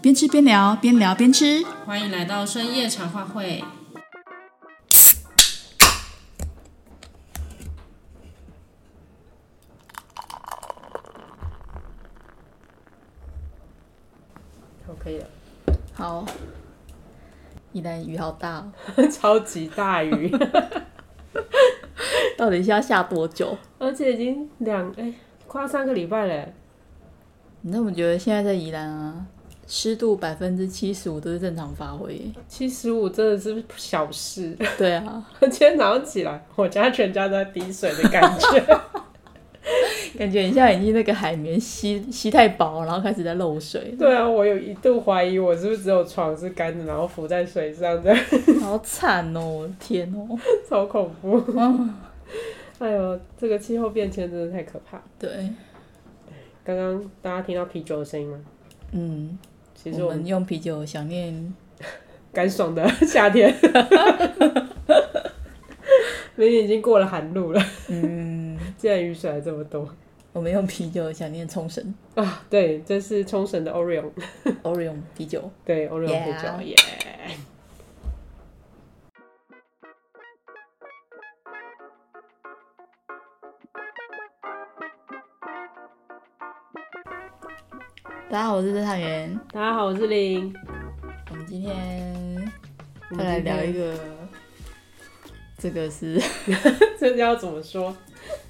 邊吃邊聊，邊聊邊吃。歡迎來到深夜茶話會。OK 了，好。宜蘭雨好大喔， 超級大雨。 到底是要下多久？而且已經兩哎，快三個禮拜了。你怎麼覺得現在在宜蘭啊。濕度百分之七十五都是正常發揮，七十五真的是小事。對啊，今天早上起來，我家全家都在滴水的感覺， 感覺很像已經那個海綿吸吸太薄，然後開始在漏水。對啊，我有一度懷疑我是不是只有床是乾的，然後浮在水上的。 好慘哦、喔，天哦、喔，超恐怖。 哎呦，這個氣候變遷真的太可怕。對，剛剛大家聽到啤酒的聲音嗎？嗯。我們用啤酒想念乾爽的夏天，明明已經過了寒露了。嗯，居然雨水還這麼多。我們用啤酒想念沖繩、 嗯、啊，對，這是沖繩的 Orion Orion 啤酒，對 Orion 啤酒，耶、yeah.。Yeah. 大家好，我是偵查員。大家好，我是零。我們今天，我們今天再來聊一個，這個是， 這個要怎麼說？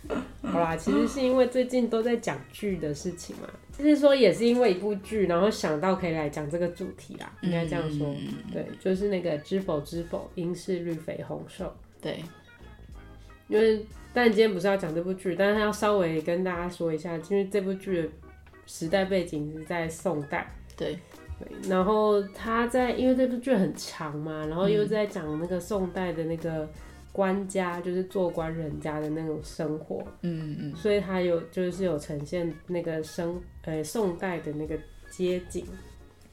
好啦，其實是因為最近都在講劇的事情嘛，就是說也是因為一部劇，然後想到可以來講這個主題啦，應該這樣說。嗯。對，就是那個「知否知否，應是綠肥紅瘦」。對，因為但今天不是要講這部劇，但是要稍微跟大家說一下，因為這部劇。時代背景是在宋代，對，對。然後他在，因為這部劇很長嘛，然後又在講那個宋代的那個官家、嗯，就是做官人家的那種生活，嗯嗯，嗯。所以他有就是有呈現那個生呃宋代的那個街景，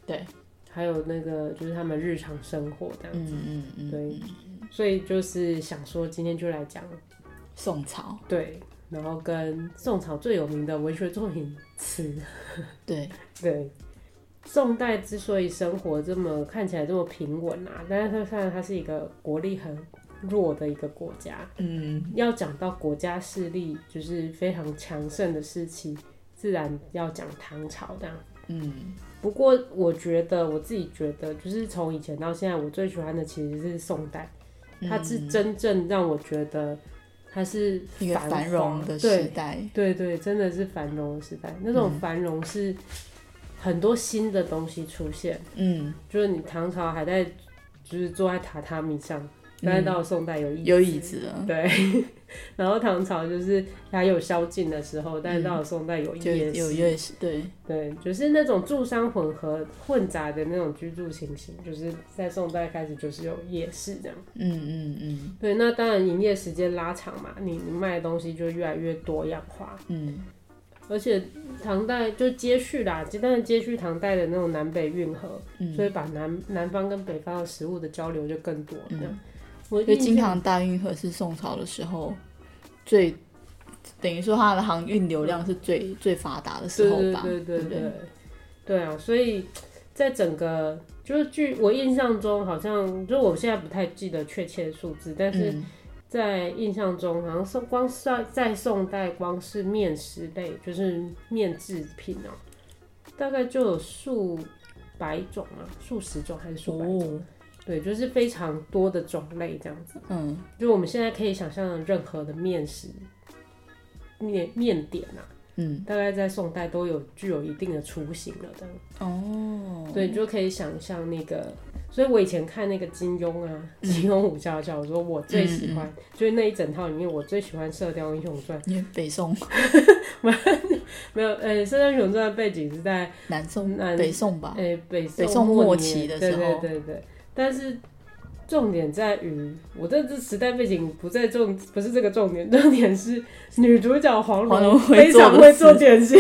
對。還有那個就是他們日常生活這樣子，嗯嗯嗯，嗯。所以所以就是想說今天就來講宋朝，對。然後跟宋朝最有名的文學作品詞，對，對 對，宋代之所以生活這麼看起來這麼平穩啊，但是它雖然它是一個國力很弱的一個國家，嗯，要講到國家勢力就是非常強盛的時期，自然要講唐朝這樣。嗯，不過我覺得我自己覺得就是從以前到現在，我最喜歡的其實是宋代，它是真正讓我覺得。嗯嗯它是一個繁榮的時代，對對，對對，真的是繁榮的時代。嗯、那種繁榮是很多新的東西出現，嗯，就是你唐朝還在，就是坐在榻榻米上，嗯、但是到宋代有椅有椅子了，對。 然後唐朝就是還有宵禁的時候，嗯、但是到了宋代有夜市，有夜市。對對，就是那種住商混合混雜的那種居住情形，就是在宋代開始就是有夜市這樣。嗯嗯嗯。對，那當然營業時間拉長嘛，你你賣的東西就越來越多樣化。嗯。而且唐代就接續啦，接續唐代的那種南北運河、嗯，所以把南南方跟北方的食物的交流就更多了。嗯就京杭大運河是宋朝的時候最，等於說它的航運流量是最、嗯、最發達的時候吧？對對對對，對，對，對，對啊！所以在整個就是據我印象中，好像就我現在不太記得確切數字，但是在印象中好像宋光在在宋代光是麵食類就是麵製品啊，大概就有數百種啊，數十種還是數對，就是非常多的種類這樣子。嗯，就我們現在可以想象任何的麵食、麵麵點啊，嗯，大概在宋代都有具有一定的雛形了。這樣子哦，對，就可以想象那個。所以我以前看那個金庸啊，嗯、金庸武俠小說，我最喜歡、嗯、就是那一整套裡面，我最喜歡《射雕英雄傳》。北宋， 沒有，哎、欸，《射雕英雄傳》的背景是在南，南宋、北宋吧？哎、欸，北宋末期的時候，對對對，對。但是重點在於，我這這時代背景不在重，不是這個重點，重點是女主角黃蓉非常會做點心。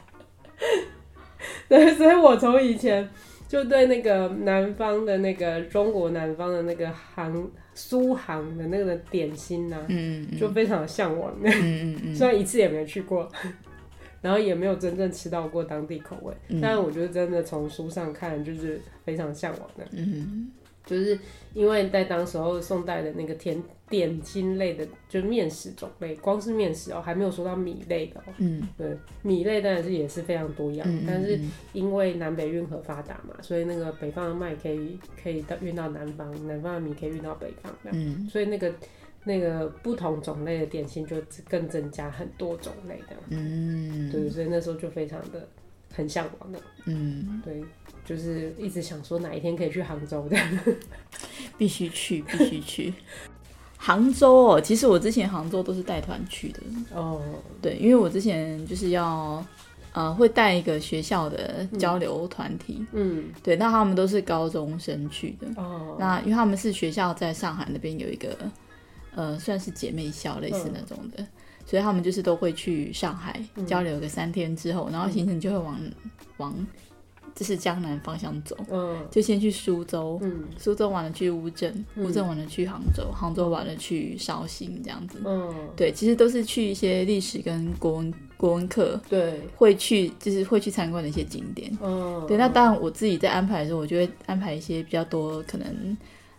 對，所以我從以前就對那個南方的那個中國南方的那個杭蘇杭的那個點心吶、啊嗯嗯，就非常的嚮往的。嗯嗯，嗯， 雖然一次也沒去過。然後也沒有真正吃到過當地口味，嗯，但我覺得真的從書上看就是非常向往的。嗯，就是因為在當時候宋代的那個甜點心類的，就是面食種類，光是面食哦，還沒有說到米類的哦。嗯，對，米類當然也是也是非常多樣嗯嗯嗯，但是因為南北運河發達嘛，所以那個北方的麥可以可以到運到南方，南方的米可以運到北方的、嗯，所以那個。那個不同種類的點心就更增加很多種類的。嗯，對，所以那時候就非常的很向往的。嗯，對，就是一直想說哪一天可以去杭州的，必須去，必須去。 杭州哦，其實我之前杭州都是帶團去的。哦，對，因為我之前就是要呃，會帶一個學校的交流團體。嗯，對，那他們都是高中生去的。哦，那因為他們是學校在上海那邊有一個。呃，算是姐妹校類似那種的，嗯，所以他們就是都會去上海交流個三天之後，嗯，然後行程就會往往這是江南方向走，嗯，就先去蘇州，嗯，蘇州完了去烏鎮，嗯，烏鎮完了去杭州，杭州完了去紹興這樣子，嗯，對，其實都是去一些歷史跟國文國文課，對，會去就是會去參觀的一些景點，嗯，對，那當然我自己在安排的時候，我就會安排一些比較多可能。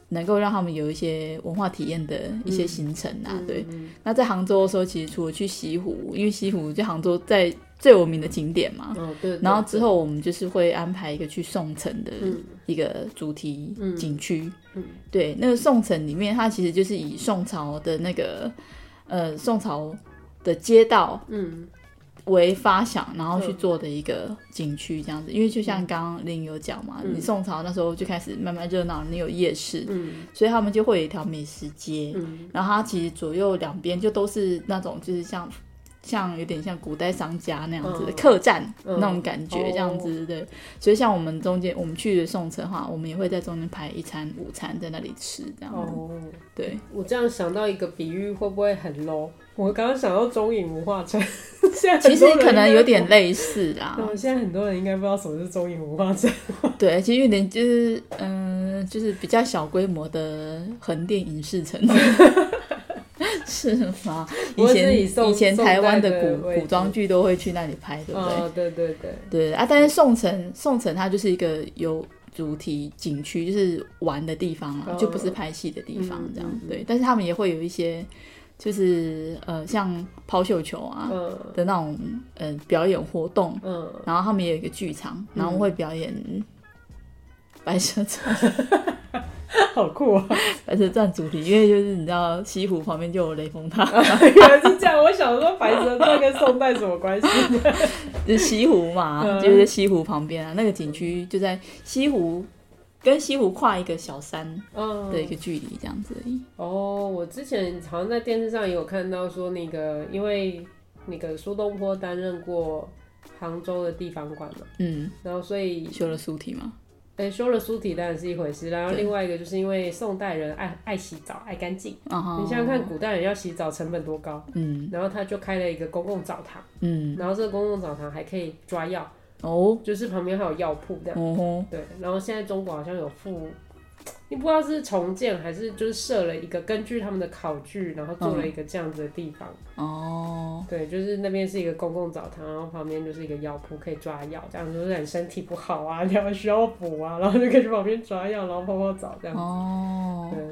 能夠讓他們有一些文化體驗的一些行程啊，嗯、對、嗯嗯。那在杭州的時候，其實除了去西湖，因為西湖就杭州在最有名的景點嘛、哦。然後之後我們就是會安排一個去宋城的一個主題景區。嗯嗯嗯、對。那個宋城裡面，它其實就是以宋朝的那個呃宋朝的街道。嗯。為發想，然後去做的一個景區這樣子，因為就像剛剛零有講嘛、嗯，你宋朝那時候就開始慢慢熱鬧，你有夜市、嗯，所以他們就會有一條美食街、嗯，然後它其實左右兩邊就都是那種就是像。像有點像古代商家那樣子的客棧、嗯、那種感覺，這樣子、嗯哦、對，所以像我們中間我們去宋城的話，我們也會在中間排一餐午餐在那裡吃這樣。哦，對，我這樣想到一個比喻，會不會很 low？我剛剛想到中影文化城，其實可能有點類似啊。現在很多人應該不知道什麼是中影文化城。對，其實有點就是嗯、呃，就是比較小規模的橫店影視城。 是嗎？以前以前台灣的古的古裝劇都會去那裡拍，哦、對不對？哦、對對對對啊！但是宋城宋城它就是一個有主題景區，就是玩的地方嘛，就不是拍戲的地方這樣、哦嗯嗯。對，但是他們也會有一些，就是呃，像拋繡球啊、嗯、的那種呃表演活動，嗯，然後他們也有一個劇場，然後會表演。嗯白蛇傳，好酷啊！白蛇傳主題，因為就是你知道西湖旁邊就有雷峰塔。啊，原來是這樣。 我想說白蛇傳跟宋代什麼關係？就是西湖嘛，嗯、就在、是、西湖旁邊啊。那個景區就在西湖，跟西湖跨一個小山的一個距離，這樣子而已。嗯。哦，我之前好像在電視上也有看到說，那個因為那個蘇東坡擔任過杭州的地方官嘛，嗯，然後所以修了蘇堤嘛。哎、欸，修了蘇堤當然是一回事，然後另外一個就是因為宋代人愛愛洗澡，愛乾淨。Uh -huh. 你想想看，古代人要洗澡成本多高。嗯、uh -huh.，然後他就開了一個公共澡堂。嗯、uh -huh.，然後這個公共澡堂還可以抓藥哦，uh -huh. 就是旁邊還有藥鋪的。嗯、uh -huh. 對。然後現在中國好像有服你不知道是重建還是就是設了一個根據他們的考據，然後做了一個這樣子的地方、嗯、哦。對，就是那邊是一個公共澡堂，然後旁邊就是一個藥鋪，可以抓藥，這樣就是你身體不好啊，你要需要補啊，然後就可以去旁邊抓藥，然後泡泡澡這樣子。哦，對，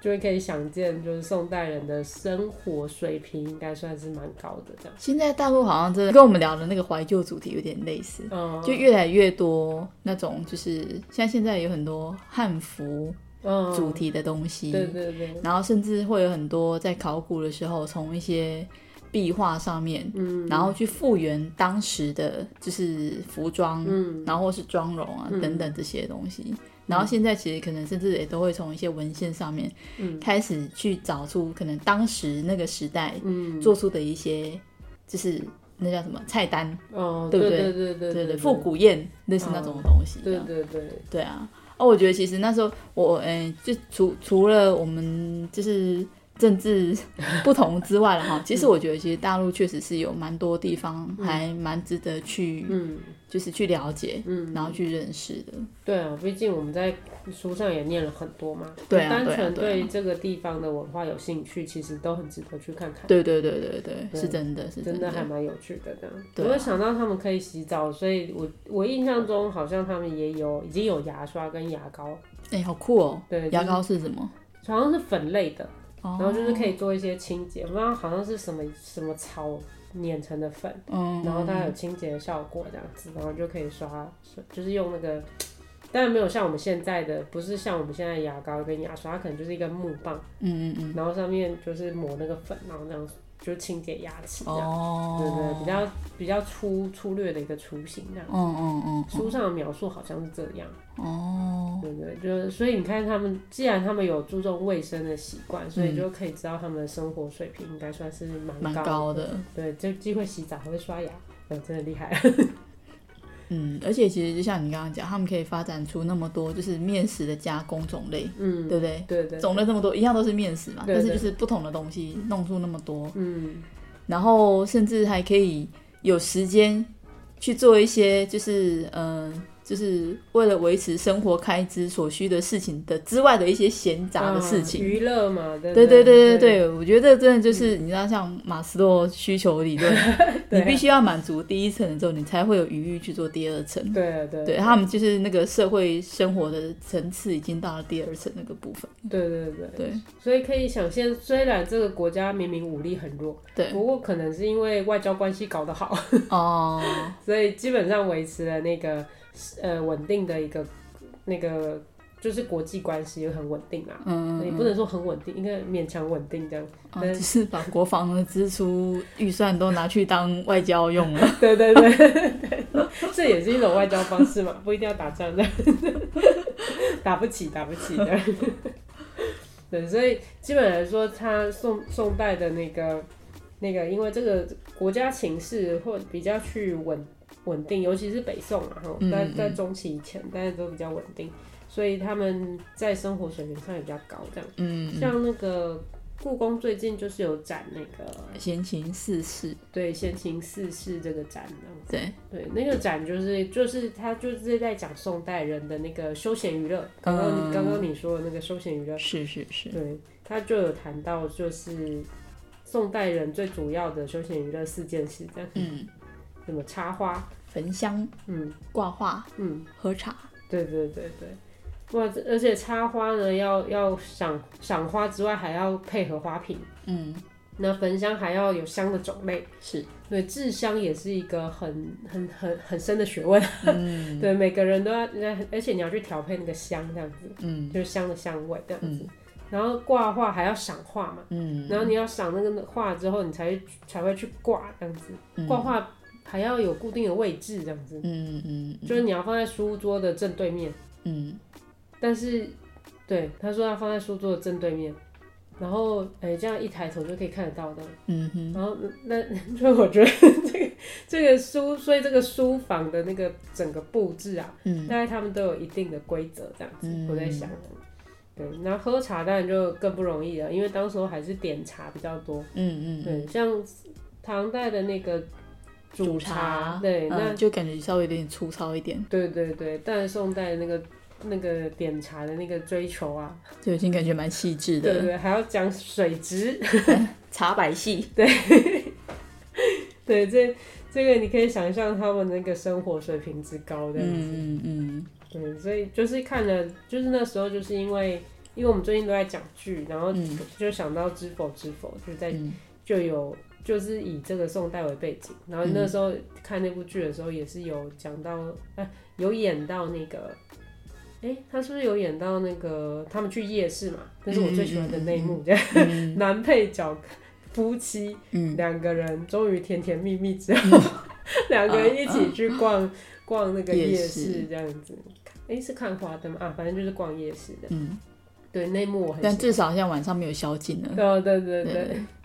就會可以想見，就是宋代人的生活水平應該算是蠻高的這樣。現在大陸好像真的跟我們聊的那個懷舊主題有點類似，嗯，就越來越多那種，就是像現在有很多漢服。主題的東西，哦、對對，對然後甚至會有很多在考古的時候，從一些壁畫上面、嗯，然後去復原當時的就是服裝，嗯、然後或是妝容啊、嗯、等等這些東西、嗯。然後現在其實可能甚至也都會從一些文獻上面，開始去找出可能當時那個時代，做出的一些就是那叫什麼菜單，哦、對不對？對對對對對復古宴那是那種東西，對對對對，那那、哦、對，對，對，對啊。哦，我覺得其實那時候我，哎，就除除了我們就是政治不同之外了哈、 嗯，其實我覺得其實大陸確實是有蠻多地方還蠻值得去，嗯，就是去了解，嗯，然後去認識的。對啊，畢竟我們在。書上也念了很多嘛，對啊、單純對這個地方的文化有興趣、啊啊啊，其實都很值得去看看。對對對對對，是真的，是真的，真的還蠻有趣的。這樣，啊、我想到他們可以洗澡，所以我我印象中好像他們也有已經有牙刷跟牙膏。哎、欸，好酷哦、喔！對、就是，牙膏是什麼？好像是粉類的，然後就是可以做一些清潔。不知、oh. 道好像是什麼什麼草碾成的粉，嗯、oh.，然後它有清潔的效果這樣子，然後就可以刷，就是用那個。但是沒有像我們現在的，不是像我們現在的牙膏跟牙刷，它可能就是一根木棒，嗯嗯嗯，然後上面就是抹那個粉，嗯、然後這樣子就清潔牙齒這樣，哦，對不對，比較比較粗粗略的一個雛形這樣嗯嗯嗯，嗯，書上的描述好像是這樣，哦，嗯、對不對，就所以你看他們，既然他們有注重衛生的習慣、嗯，所以就可以知道他們的生活水平應該算是蠻高的，高的對，就既會洗澡還會刷牙、嗯，真的厲害。 嗯，而且其實就像你剛剛講，他們可以發展出那麼多就是麵食的加工種類，嗯，對不對？對對、對，種類這麼多，一樣都是麵食嘛，對對對，但是就是不同的東西弄出那麼多，嗯，然後甚至還可以有時間去做一些，就是嗯。呃就是為了維持生活開支所需的事情的之外的一些閒雜的事情，娛、嗯、樂嘛，對對對對對，對對對，我覺得真的就是，嗯、你知道，像馬斯洛需求理論、 啊，你必須要滿足第一層的時候，你才會有餘裕去做第二層。對、啊、對、啊、對，他們就是那個社會生活的層次已經到了第二層那個部分。對對對對，對，對，所以可以想見，雖然這個國家明明武力很弱，對，不過可能是因為外交關係搞得好哦， uh, 所以基本上維持了那個。呃，穩定的一個，那個就是國際關係也很穩定啊，嗯，也不能說很穩定，應該勉強穩定這樣。嗯、啊，就是，是把國防的支出預算都拿去當外交用了。 對，對對對， 這也是一種外交方式嘛，不一定要打仗的， 打不起打不起的。 對，所以基本來說他宋，他宋宋代的那個那個，因為這個國家情勢會比較去穩。穩定，尤其是北宋然後在在中期以前，大、嗯、家、嗯、都比較穩定，所以他們在生活水平上也比較高，這樣。嗯，嗯。像那個故宮最近就是有展那個閒情四事，對，閒情四事這個展這樣子對對，那個展就是就是他就是在講宋代人的那個休閒娛樂。剛剛剛剛你說的那個休閒娛樂。是是是。對，他就有談到就是宋代人最主要的休閒娛樂四件事。這樣。嗯。什麼插花、焚香，嗯，掛畫，嗯，喝茶，對對對對，哇！而且插花呢，要要賞賞花之外，還要配合花瓶，嗯。那焚香還要有香的種類，是對，制香也是一個很很很很很深的學問，嗯、 對，每個人都要，而且你要去調配那個香這樣子，嗯，就是香的香味這樣子。嗯、然後掛畫還要賞畫嘛，嗯，然後你要賞那個畫之後，你才才會去掛這樣子，嗯、掛畫。還要有固定的位置，這樣子，嗯嗯，就是你要放在書桌的正對面，嗯，但是，對，他說要放在書桌的正對面，然後，哎、欸，這樣一抬頭就可以看得到的，嗯嗯，然後那，所以我覺得這個這個書，所以這個書房的那個整個佈置啊，嗯，大概他們都有一定的規則，這樣子，嗯、我在想的，對，然後喝茶當然就更不容易了，因為當時候還是點茶比較多，嗯嗯，對，像唐代的那個。煮茶，煮茶、啊、對，嗯、那就感覺稍微有點粗糙一點。對對對，但是宋代那個那個點茶的那個追求啊，就已經感覺蠻細緻的。對，對對，還要講水質、 茶百戲。對對，這這個你可以想象他們那個生活水平之高的樣子。嗯嗯嗯。對，所以就是看了，就是那時候就是因為因為我們最近都在講劇，然後就想到《知否知否》，就在、嗯、就有。就是以這個宋代為背景，然後那時候看那部劇的時候，也是有講到、嗯呃，有演到那個，哎、欸，他是不是有演到那個他們去夜市嘛？這是我最喜歡的內幕、嗯嗯，這樣、嗯、男配角夫妻兩、嗯、個人終於甜甜蜜蜜，之後兩、嗯、個人一起去逛、嗯、逛那個夜市，這樣子，哎、啊啊欸，是看花燈啊，反正就是逛夜市的。嗯對內幕我很，但至少現在晚上沒有宵禁了。對、啊、對對對，對，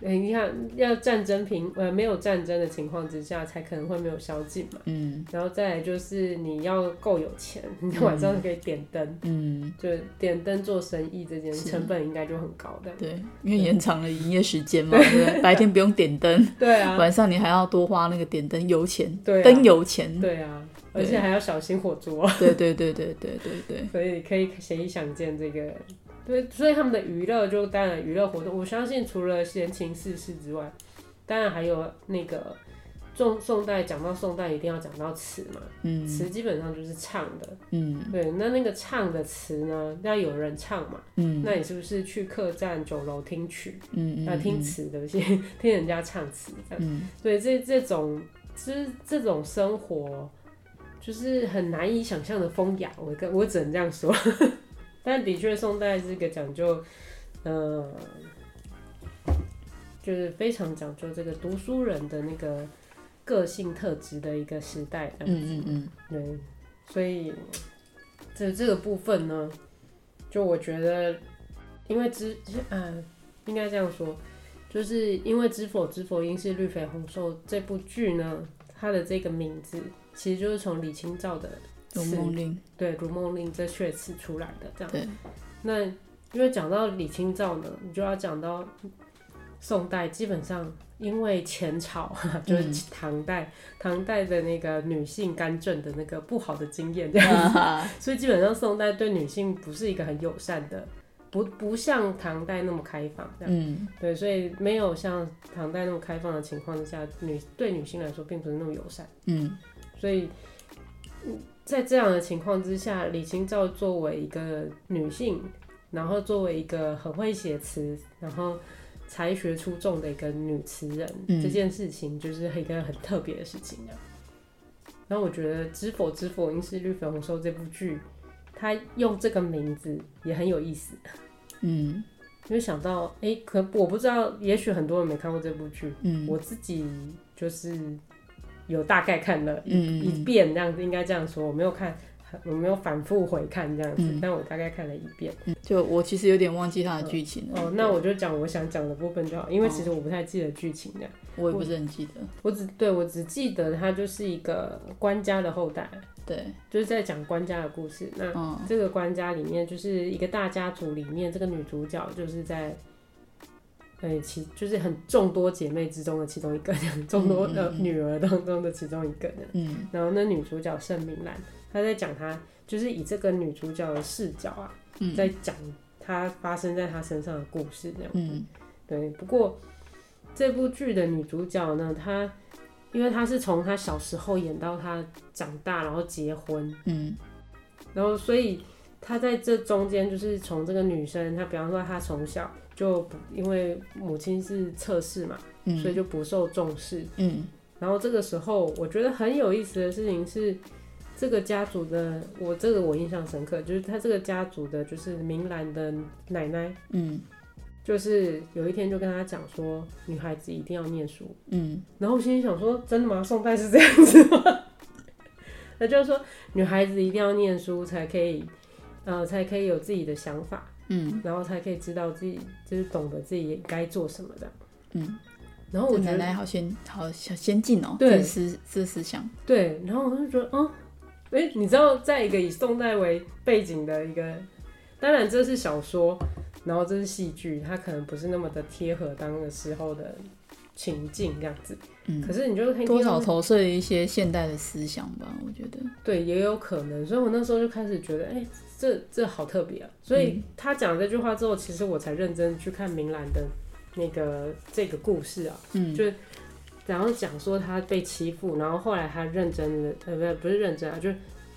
對、欸，你看，要戰爭平呃沒有戰爭的情況之下，才可能會沒有宵禁嘛。嗯，然後再來就是你要夠有錢，你晚上可以點燈。嗯，就點燈做生意這件事成本應該就很高的。對，因為延長了營業時間嘛，對對，對，對，對、啊？白天不用點燈， 對啊，晚上你還要多花那個點燈油錢，燈油錢，對啊。而且還要小心火燭，喔。對對對對對對、對、對 所以你可以意想見這個，對，所以他們的娛樂就當然娛樂活動，我相信除了閒情四事之外，當然還有那個宋宋代講到宋代一定要講到詞嘛，詞基本上就是唱的，嗯，對，那那個唱的詞呢，要有人唱嘛，嗯，那你是不是去客棧酒樓聽曲，嗯，那聽詞的這些 聽人家唱詞，嗯，所以這這種、就是這種生活。就是很難以想象的風雅，我跟我只能這樣說。 但的確，宋代是一個講究，嗯、呃，就是非常講究這個讀書人的那個個性特質的一個時代、啊。嗯嗯嗯，對、嗯嗯。所以這這個部分呢，就我覺得，因為知，嗯、呃，應該這樣說，就是因為《知否知否應是綠肥紅瘦》這部劇呢，它的這個名字。其實就是從李清照的《如夢令》對，《如夢令》這闕詞出來的這樣子。對。那因為講到李清照呢，你就要講到宋代。基本上因為前朝、嗯、 就是唐代，唐代的那個女性干政的那個不好的經驗 所以基本上宋代對女性不是一個很友善的，不，不像唐代那麼開放這樣。嗯。對，所以沒有像唐代那麼開放的情況之下，女對女性來說並不是那麼友善。嗯。所以在這樣的情況之下，李清照作為一個女性，然後作為一個很會寫詞，然後才學出眾的一個女詞人，嗯，這件事情就是一個很特別的事情啊。然後我覺得《知否知否應是綠肥紅瘦》這部劇，它用這個名字也很有意思。嗯，因為想到，哎，欸，可我不知道，也許很多人沒看過這部劇，嗯，我自己就是。有大概看了一一遍，這樣子、嗯、應該這樣說，我沒有看，我沒有反覆回看這樣子、嗯，但我大概看了一遍，就我其實有點忘記它的劇情、嗯、哦，那我就講我想講的部分就好，因為其實我不太記得劇情的、哦，我也不是很記得，我，我只、對、我只記得它就是一個官家的後代，對，就是在講官家的故事。那這個官家裡面就是一個大家族裡面，這個女主角就是在。對，其就是很眾多姐妹之中的其中一個人，眾多的、嗯嗯嗯呃、女兒當中的其中一個人。嗯，然後那女主角盛明蘭，她在講她就是以這個女主角的視角啊，嗯、在講她發生在她身上的故事這樣。嗯，對。不過這部劇的女主角呢，她因為她是從她小時候演到她長大，然後結婚。嗯，然後所以她在這中間就是從這個女生，她比方說她從小。就因為母親是側室嘛，嗯，所以就不受重視。嗯，然後這個時候我覺得很有意思的事情是，這個家族的我這個我印象深刻，就是他這個家族的就是明蘭的奶奶，嗯，就是有一天就跟他講說，女孩子一定要念書，嗯，然後我心裡想說，真的嗎？宋代是這樣子嗎？ 那就是說，女孩子一定要念書才可以，呃，才可以有自己的想法。嗯，然後才可以知道自己就是懂得自己該做什麼的。嗯，然後我奶奶好先好小先進哦，對思思思想，對。然後我就覺得，嗯、哦，哎，你知道，在一個以宋代為背景的一個，當然這是小說，然後這是戲劇，它可能不是那麼的貼合當的時候的情境這樣子。嗯，可是你就可以多少投射一些現代的思想吧，我覺得。對，也有可能。所以我那時候就開始覺得，哎。這這好特別啊！所以他講了這句話之後、嗯，其實我才認真去看明蘭的那個這個故事啊，嗯、就然後講說她被欺負，然後後來她認真的呃不是，不不是認真啊，就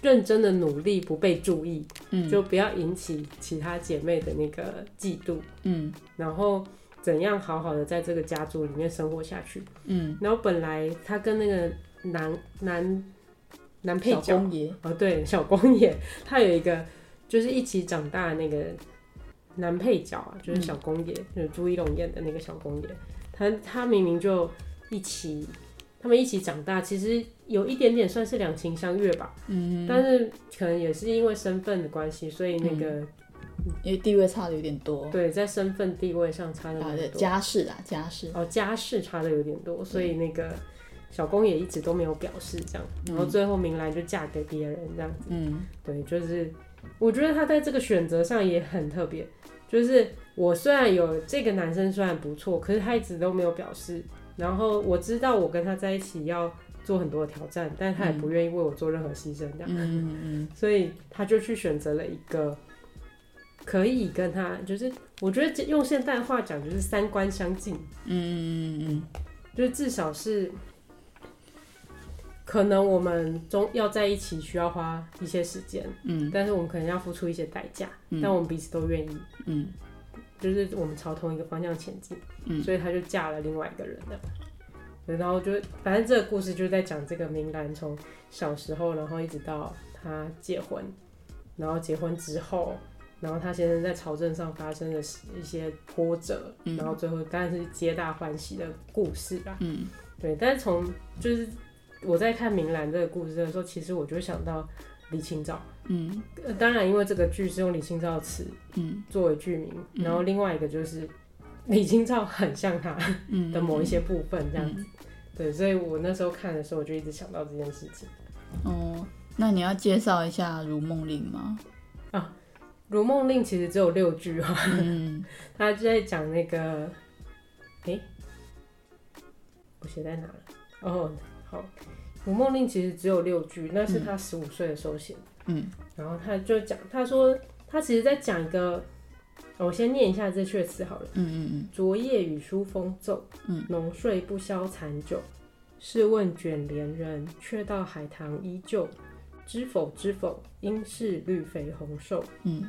認真的努力不被注意，嗯，就不要引起其他姐妹的那個嫉妒，嗯，然後怎樣好好的在這個家族裡面生活下去，嗯，然後本來他跟那個男男男配角，小公爺哦，對，小公爺，他有一個。就是一起長大的那個男配角啊，就是小公爺、嗯，就是朱一龍演的那個小公爺，他他明明就一起，他們一起長大，其實有一點點算是兩情相悅吧，嗯，但是可能也是因為身份的關係，所以那個、嗯、因為地位差的有點多，對，在身份地位上差的有點多，家世啊，家世哦，家世差的有點多，所以那個小公爺一直都沒有表示這樣，嗯、然後最後明蘭就嫁給別人這樣子，嗯，對，就是。我覺得他在這個選擇上也很特別，就是我雖然有這個男生雖然不錯，可是他一直都沒有表示。然後我知道我跟他在一起要做很多的挑戰，但他也不願意為我做任何犧牲這樣、嗯嗯嗯嗯。所以他就去選擇了一個可以跟他，就是我覺得用現代話講就是三觀相近。嗯嗯嗯嗯，就是至少是。可能我們終要在一起，需要花一些時間，嗯，但是我們可能要付出一些代價，嗯，但我們彼此都願意，嗯，就是我們朝同一個方向前進，嗯，所以他就嫁了另外一個人的，對，然後就反正這個故事就是在講這個明蘭從小時候，然後一直到她結婚，然後結婚之後，然後她先生在朝政上發生了一些波折，嗯，然後最後當然是皆大歡喜的故事吧，嗯，對，但是從就是。我在看明蘭這個故事的時候，其實我就想到李清照。嗯，當然，因為這個劇是用李清照詞嗯作為劇名，嗯，然後另外一個就是李清照很像他的某一些部分這樣子。嗯嗯嗯、對，所以我那時候看的時候，我就一直想到這件事情。哦，那你要介紹一下如夢令嗎？啊《如夢令》嗎？《如夢令》其實只有六句啊。它、嗯、就在講那個，哎、欸，我寫在哪了？哦、Oh，好。如夢令》其實只有六句，那是他十五歲的時候寫嗯，然後他就講，他說他其實在講一個，我先念一下這闕詞好了。嗯嗯。昨、嗯、夜雨疏風驟，濃、嗯、睡不消殘酒。試、嗯、問捲簾人，卻道海棠依舊。知否知否，應是綠肥紅瘦。嗯，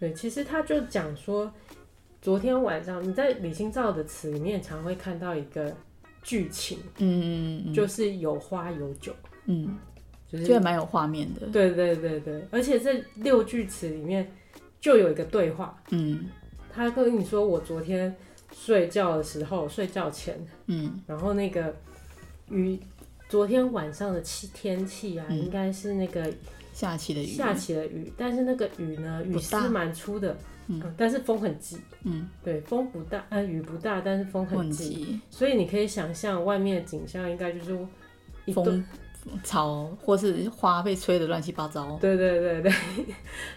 對，其實他就講說，昨天晚上你在李清照的詞裡面常會看到一個。劇情嗯，嗯，就是有花有酒，嗯，就是蠻有畫面的，對對對對，而且這六句詞裡面就有一個對話，嗯，他跟你說我昨天睡覺的時候，睡覺前，嗯，然後那個雨，嗯、昨天晚上的氣天氣啊，嗯、應該是那個下起的雨，下起了雨，但是那個雨呢，雨是蠻粗的。嗯，但是風很急。嗯，對，風不大，嗯、呃，雨不大，但是風很急。很急，所以你可以想象，外面的景象應該就是一風草或是花被吹得亂七八糟。對對對對。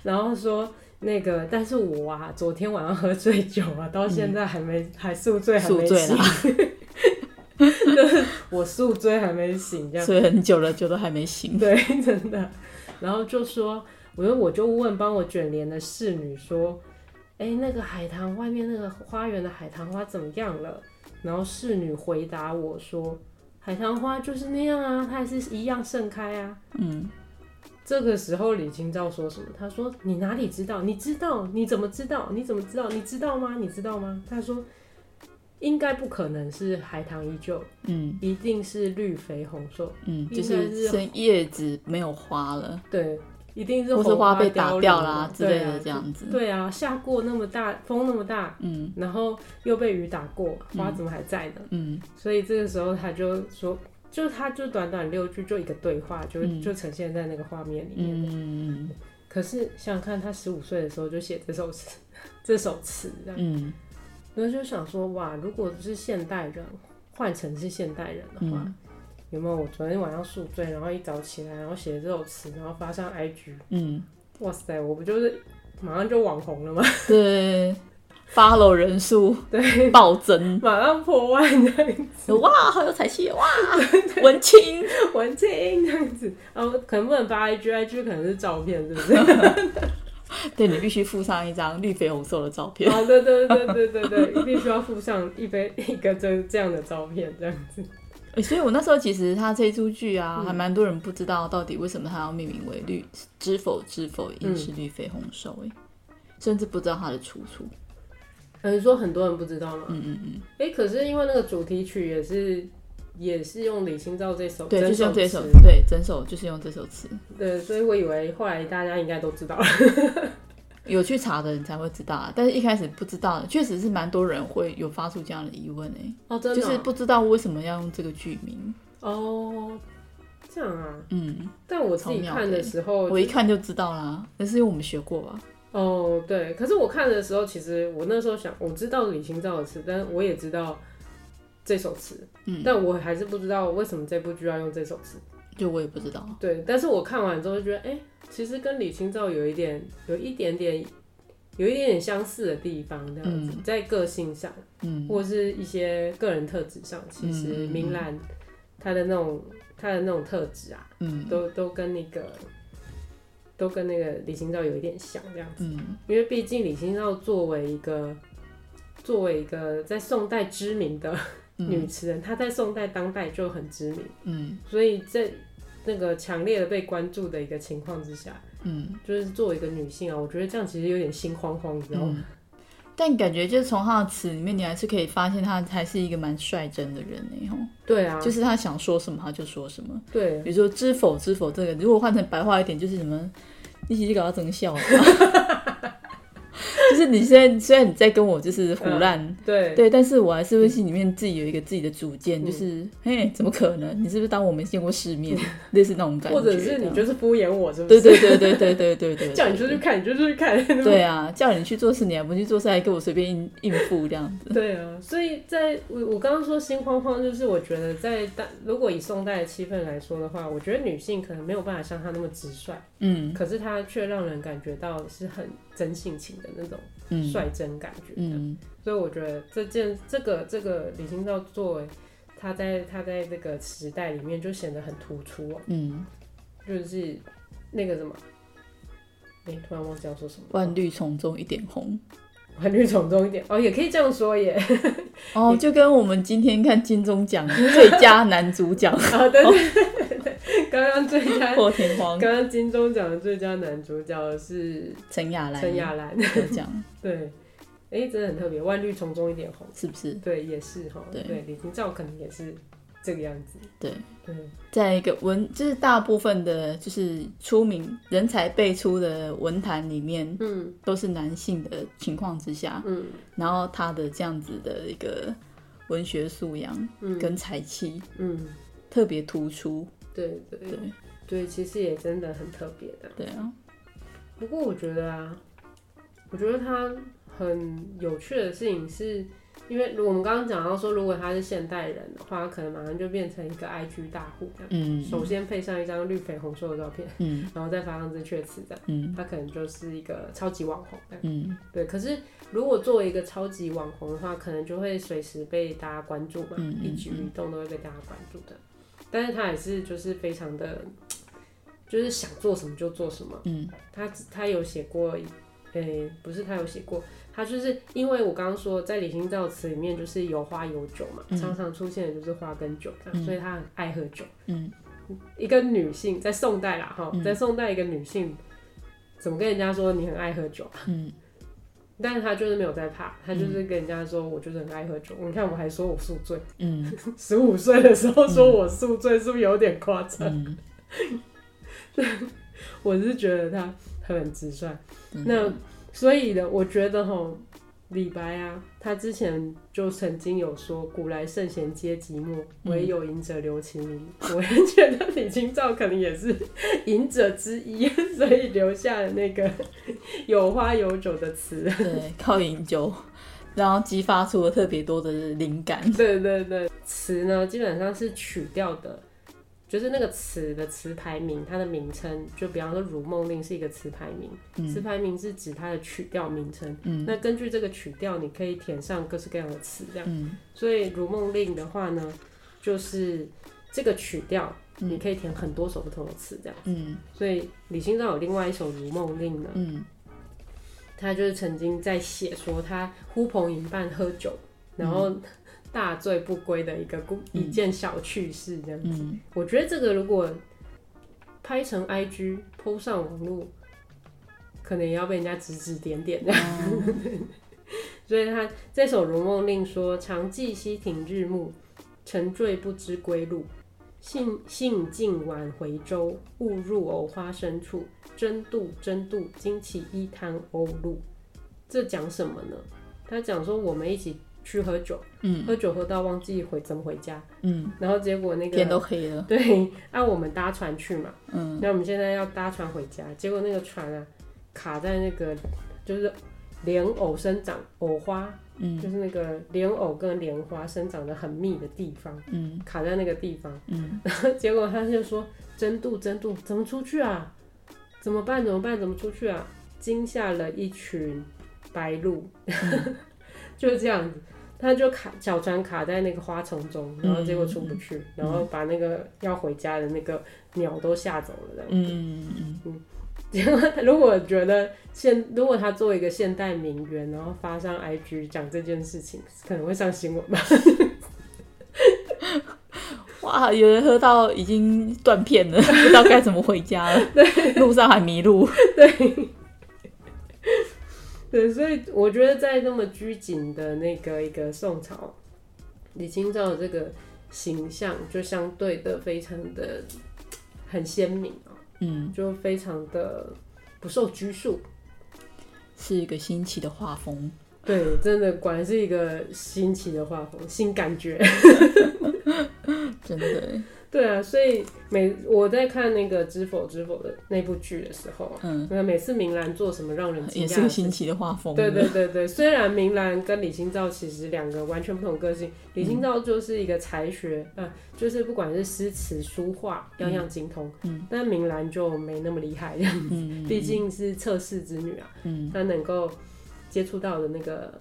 然後說那個，但是我啊，昨天晚上喝醉酒啊，到現在還沒、嗯、還宿醉，還沒醒。宿醉啦。 就是我宿醉還沒醒，這樣。醉很久了，酒都還沒醒。對，真的。然後就說，我就我就問幫我捲簾的侍女說。哎、欸，那個海棠外面那個花園的海棠花怎麼樣了？然後侍女回答我說：“海棠花就是那樣啊，它還是一樣盛開啊。”嗯，這個時候李清照說什麼？她說：“你哪裡知道？你知道？你怎麼知道？你怎麼知道？你知道嗎？你知道嗎？”她說：“應該不可能是海棠依舊，嗯，一定是綠肥紅瘦，嗯，就是生葉子沒有花了。”對。一定是花，或是花被打掉啦之類的，這樣子對、啊。對啊，下過那麼大風，那麼大，嗯，然後又被雨打過，花怎麼還在呢？嗯？嗯，所以這個時候他就說，就他就短短六句，就一個對話就，就、嗯、就呈現在那個畫面裡面的。嗯，嗯可是想想看，他十五歲的時候就寫這首詞，這首詞，嗯，那、 嗯、就想說，哇，如果不是現代人，換成是現代人的話。嗯有沒有我昨天晚上宿醉，然後一早起來，然後寫這首詞，然後發上 IG？嗯，哇塞，我不就是馬上就網紅了嗎？對 ，follow 人數對暴增，馬上破萬這樣子。哇，好有才氣！哇，對對對文青文青這樣子。然後，可能不能發 IG，IG IG 可能是照片，是不是？ 對你必須附上一張綠肥紅瘦的照片。好 的、啊，對對對對對，你必須要附上一菲一個這這樣的照片這樣子。欸、所以我那時候其實他這出劇啊，嗯、還蠻多人不知道到底為什麼他要命名為綠《綠、嗯、知否知否應是綠肥紅瘦、欸》哎、嗯，甚至不知道他的出處，處。等於說很多人不知道嗎？嗯嗯嗯。哎、欸，可是因為那個主題曲也是也是用李清照這首，對，就是用這首，對，整首就是用這首詞。對，所以我以為後來大家應該都知道了。 有去查的人才會知道，但是一開始不知道，確實是蠻多人會有發出這樣的疑問。哎、欸，啊，真的啊，就是不知道為什麼要用這個劇名哦，這樣啊，嗯，但我自己看的時候，我一看就知道啦，那是因為我們學過吧？哦，對，可是我看的時候，其實我那時候想，我知道李清照的詞，但是我也知道這首詞，嗯，但我還是不知道為什麼這部劇要用這首詞。就我也不知道，對，但是我看完之後就覺得，哎、欸，其實跟李清照有一點，有一點點，有一點點相似的地方，這樣子、嗯，在個性上，嗯，或者是一些個人特質上，其實明蘭她的那種她、嗯、的那種特質啊，嗯，都都跟那個，都跟那個李清照有一點像這樣子，嗯、因為畢竟李清照作為一個，作為一個在宋代知名的、嗯、女詞人，她在宋代當代就很知名，嗯，所以在，那個強烈的被關注的一個情況之下，嗯，就是作為一個女性啊，我覺得這樣其實有點心慌慌，你知道嗎、嗯？但感覺就是從他的詞裡面，你還是可以發現他還是一個蠻率真的人那種。對啊，就是他想說什麼他就說什麼。對，比如說“知否知否”這個，如果換成白話一點，就是什麼一起去搞到整個笑話。 就是你現在雖然你在跟我就是胡亂、啊、對對，但是我還是會心裡面自己有一個自己的主見，就是、嗯、嘿，怎麼可能？你是不是當我沒見過世面、嗯？類似那種感覺，或者是你就是敷衍我？是不是？對對對對對對對對，對，叫你出去看，你就去看。對啊，叫你去做事，你還不去做事，還跟我隨便應付這樣子。對啊，所以在我我剛剛說心慌慌，就是我覺得在當，如果以宋代的氣氛來說的話，我覺得女性可能沒有辦法像她那麼直率，嗯，可是她卻讓人感覺到是很真性情的那種。率真感覺的，的、嗯嗯。所以我覺得這件、這個、這個李清照作為她在她在這個時代裡面就顯得很突出、啊，嗯，就是那個什麼，哎、欸，突然忘記要說什麼，萬綠叢中一點紅。萬綠叢中一點哦，也可以這樣說耶。哦，就跟我們今天看金鐘獎 最佳男主角。啊，哦，對對，對。剛剛最佳破天荒，剛剛金鐘獎的最佳男主角是陳亞蘭。陳亞蘭獎。 對，哎、欸，真的很特別，萬綠叢中一點紅，是不是？對，也是哈。對，李清照可能也是。這個樣子，對，對，在一個文，就是大部分的，就是出名、人才輩出的文壇裡面，嗯，都是男性的情況之下，嗯，然後他的這樣子的一個文學素養跟才氣，嗯，特別突出，對對對，對，對，其實也真的很特別的，對啊。不過我覺得啊，我覺得他很有趣的事情是。因為如我們剛剛講到說，如果他是現代人的話，他可能馬上就變成一個 IG 大戶這樣、嗯。首先配上一張綠肥紅瘦的照片，嗯、然後再發上正確詞這樣，他可能就是一個超級網紅嗯。對，可是如果作為一個超級網紅的話，可能就會隨時被大家關注嘛、嗯，一舉一動都會被大家關注的、嗯嗯。但是他也是就是非常的，就是想做什麼就做什麼。嗯、他他有寫過。誒、欸，不是他有寫過，他就是因為我剛剛說在李清照詞裡面，就是有花有酒嘛、嗯，常常出現的就是花跟酒、啊嗯，所以他很愛喝酒。嗯，一個女性在宋代啦，哈、嗯，在宋代一個女性怎麼跟人家說你很愛喝酒啊？嗯，但是她就是沒有在怕，她就是跟人家說，我就是很愛喝酒。嗯、你看，我還說我宿醉，嗯，十五歲的時候說我宿醉，是不是有點誇張？嗯、 我是覺得她。很直率、嗯，那所以呢，我覺得吼，李白啊，他之前就曾經有說“古來聖賢皆寂寞，唯有飲者留其名”嗯。我覺得李清照可能也是飲者之一，所以留下了那個有花有酒的詞，對，靠飲酒，然後激發出了特別多的靈感。 對對對，詞呢基本上是曲調的。就是那個詞的詞牌名，它的名稱，就比方說《如夢令》是一個詞牌名。詞牌名、嗯、是指它的曲調名稱、嗯。那根據這個曲調，你可以填上各式各樣的詞，這樣。嗯、所以《如夢令》的話呢，就是這個曲調，你可以填很多首不同的詞，這樣、嗯。所以李清照有另外一首《如夢令》呢。他、嗯、就是曾經在寫說他呼朋引伴喝酒，然後。大醉不歸的一個故，一件小趣事這樣子。嗯嗯、我覺得這個如果拍成 IG，PO 上網路，可能也要被人家指指點點的。嗯、 所以他這首《如夢令》說：“常記溪亭日暮，沉醉不知歸路。興興盡晚回舟，誤入藕花深處。爭渡，爭渡，驚起一灘鷗鷺。嗯”這講什麼呢？他講說，我們一起。去喝酒，嗯，喝酒喝到忘記回怎麼回家，嗯，然後結果那個天都黑了，對，按、啊、我們搭船去嘛，嗯，那我們現在要搭船回家，結果那個船啊卡在那個就是蓮藕生長藕花，嗯，就是那個蓮藕跟蓮花生長得很密的地方，嗯，卡在那個地方，嗯，然後結果他就說爭渡爭渡，怎麼出去啊，怎麼辦怎麼辦，怎麼出去啊，驚嚇了一群白鷺。嗯 就是這樣子，他就卡小船卡在那個花叢中，然後結果出不去，嗯嗯，然後把那個要回家的那個鳥都嚇走了這樣子。嗯嗯嗯。如 果如果覺得現，如果他做一個現代名媛，然後發上 IG 講這件事情，可能會上新聞吧。哇，有人喝到已經斷片了， 不知道該怎麼回家了，對，路上還迷路。對。對，所以我覺得在那麼拘謹的那個一個宋朝，李清照這個形象就相對的非常的很鮮明啊，嗯，就非常的不受拘束，是一個新奇的畫風。對，真的，果然是一個新奇的畫風，新感覺， 真的耶。對啊，所以每我在看那個《知否知否》的那部劇的時候，嗯，那每次明蘭做什麼讓人驚訝，也是個新奇的畫風的。對對對對，雖然明蘭跟李清照其實兩個完全不同個性，嗯、李清照就是一個才學嗯、呃、就是不管是詩詞書畫，樣樣精通。嗯，但明蘭就沒那麼厲害這樣子，畢、嗯、竟是側室之女啊，嗯，她能夠接觸到的那個。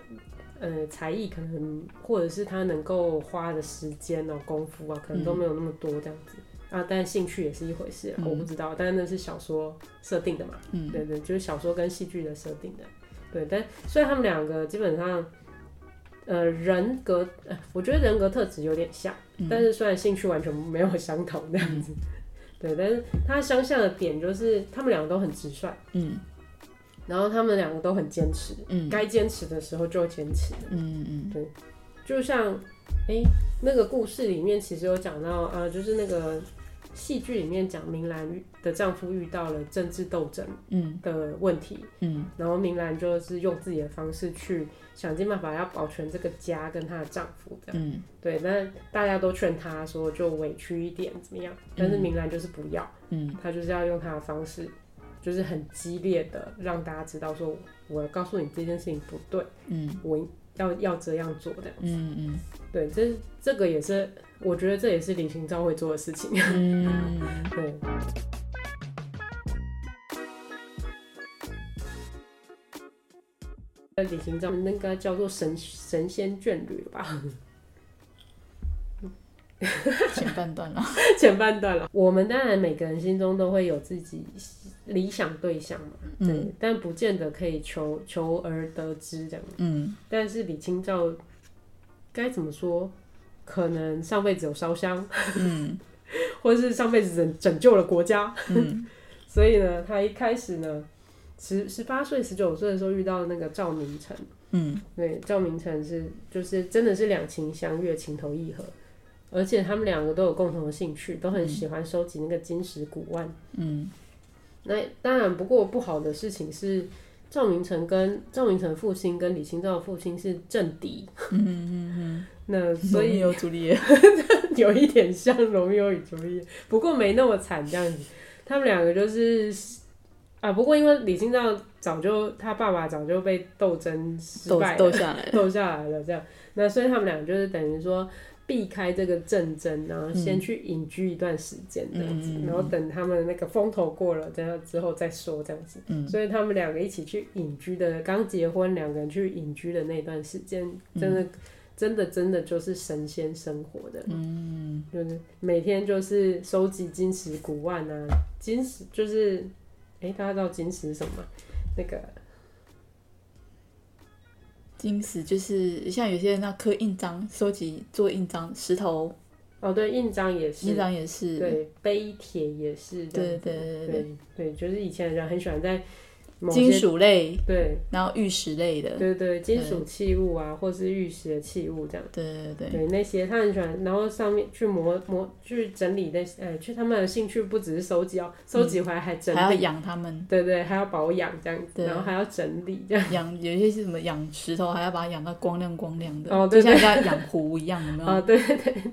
呃，才藝可能，或者是他能夠花的時間哦、啊，功夫啊，可能都沒有那麼多這樣子、嗯、啊。但興趣也是一回事、啊嗯，我不知道。但是那是小說設定的嘛？嗯，對對，對，就是小說跟戲劇的設定的。對，但所以他們兩個基本上，呃，人格，呃、我覺得人格特質有點像，但是雖然興趣完全沒有相同這樣子。嗯、對，但是他相像的點就是，他們兩個都很直率。嗯。然後他們兩個都很堅持，嗯，該堅持的時候就堅持，嗯嗯，對，就像、欸、那個故事裡面其實有講到，呃，就是那個戲劇裡面講明蘭的丈夫遇到了政治鬥爭，嗯的問題，嗯，然後明蘭就是用自己的方式去想盡辦法要保全這個家跟她的丈夫這樣，嗯，對，但大家都勸她說就委屈一點怎麼樣，但是明蘭就是不要，嗯，她就是要用她的方式。就是很激烈的讓大家知道，說我告訴你這件事情不對，嗯，我要要這樣做的樣子，嗯嗯，對，這這個也是，我覺得這也是李清照會做的事情，嗯，對、 嗯。那、嗯嗯、 李清照應該叫做神神仙眷侶吧。前半段了， 前半段了。 我們當然每個人心中都會有自己理想對象嘛，對，嗯、但不見得可以求求而得知得之這樣。嗯，但是李清照該怎麼說？可能上輩子有燒香，嗯， 或是上輩子拯拯救了國家， 嗯。所以呢，他一開始呢，十十八歲、十九歲的時候遇到那個趙明誠，嗯，對，趙明誠是就是真的是兩情相悅、情投意合。而且他們兩個都有共同的興趣，都很喜歡收集那個金石古玩。嗯，那當然，不過不好的事情是成，趙明誠跟趙明誠父親跟李清照父親是政敵。嗯嗯嗯，嗯，那所以有阻力，嗯嗯嗯嗯、 有一點像羅密歐與茱麗葉， 不過沒那麼慘。這樣子，嗯、他們兩個就是啊，不過因為李清照早就他爸爸早就被鬥爭失敗了，鬥下來了， 鬥下來了這樣。那所以他們兩個就是等於說。避開這個戰爭，然後先去隱居一段時間這樣子，嗯，然後等他們那個風頭過了這樣，在之後再說這樣子。嗯、所以他們兩個一起去隱居的，剛結婚兩個人去隱居的那段時間，真的、嗯、真的真的就是神仙生活的，嗯，就是每天就是收集金石古玩啊，金石就是，哎、欸，大家知道金石什麼、啊？那個。金石就是像有些人要刻印章，收集做印章石頭，哦，對，印章也是，印章也是，對，碑帖也是，對對對對對，對對，就是以前人很喜歡在。金屬類對，然後玉石類的對對，金屬器物啊，或是玉石的器物這樣。對對對，對那些他很喜歡然後上面去磨磨去整理那些。呃、哎，去他們的興趣不只是收集哦，收集回來還整理、嗯、還要養他們。對對，還要保養這樣，啊、然後還要整理這樣。養有一些是什麼養石頭，還要把它養到光亮光亮的，哦，就像人家養壺一樣的。啊對對對，有有哦、對，對，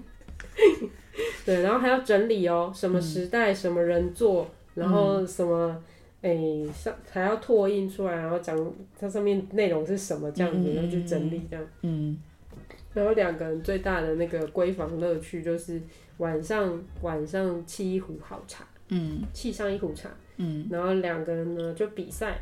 對， 對，然後還要整理哦，什麼時代、嗯、什麼人做，然後什麼。嗯哎、欸，上還要拓印出來，然後講它上面內容是什麼這樣子，嗯，然後去整理這樣。嗯，嗯，然後兩個人最大的那個閨房樂趣就是晚上晚上，沏一壺好茶，嗯，沏上一壺茶，嗯，然後兩個人呢就比賽，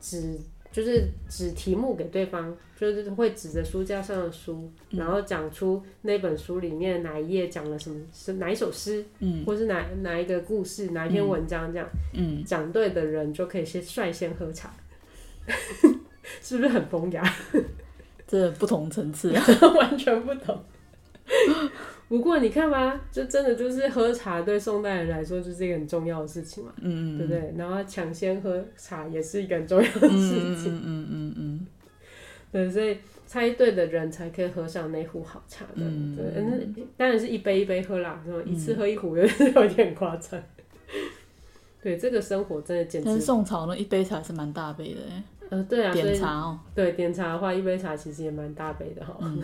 只。就是指題目給對方，就是會指着書架上的書，嗯、然後講出那本書裡面哪一頁講了什麼，是哪一首詩，嗯，或是哪哪一個故事，哪一篇文章這樣，講、嗯嗯、對的人就可以先率先喝茶， 是不是很風雅？這 不同層次， 完全不同。 不過你看吧，就真的就是喝茶對宋代人來說就是一個很重要的事情嘛，嗯對、嗯、不對？然後搶先喝茶也是一個很重要的事情，嗯嗯嗯嗯，嗯對，所以猜對的人才可以喝上那壺好茶的，對，嗯嗯，但當然是一杯一杯喝啦，是吧？一次喝一壺也有點誇張。嗯、 對，這個生活真的簡直……但是宋朝呢，一杯茶是蠻大杯的，哎，呃，對啊，點茶、喔，對點茶的話，一杯茶其實也蠻大杯的哈。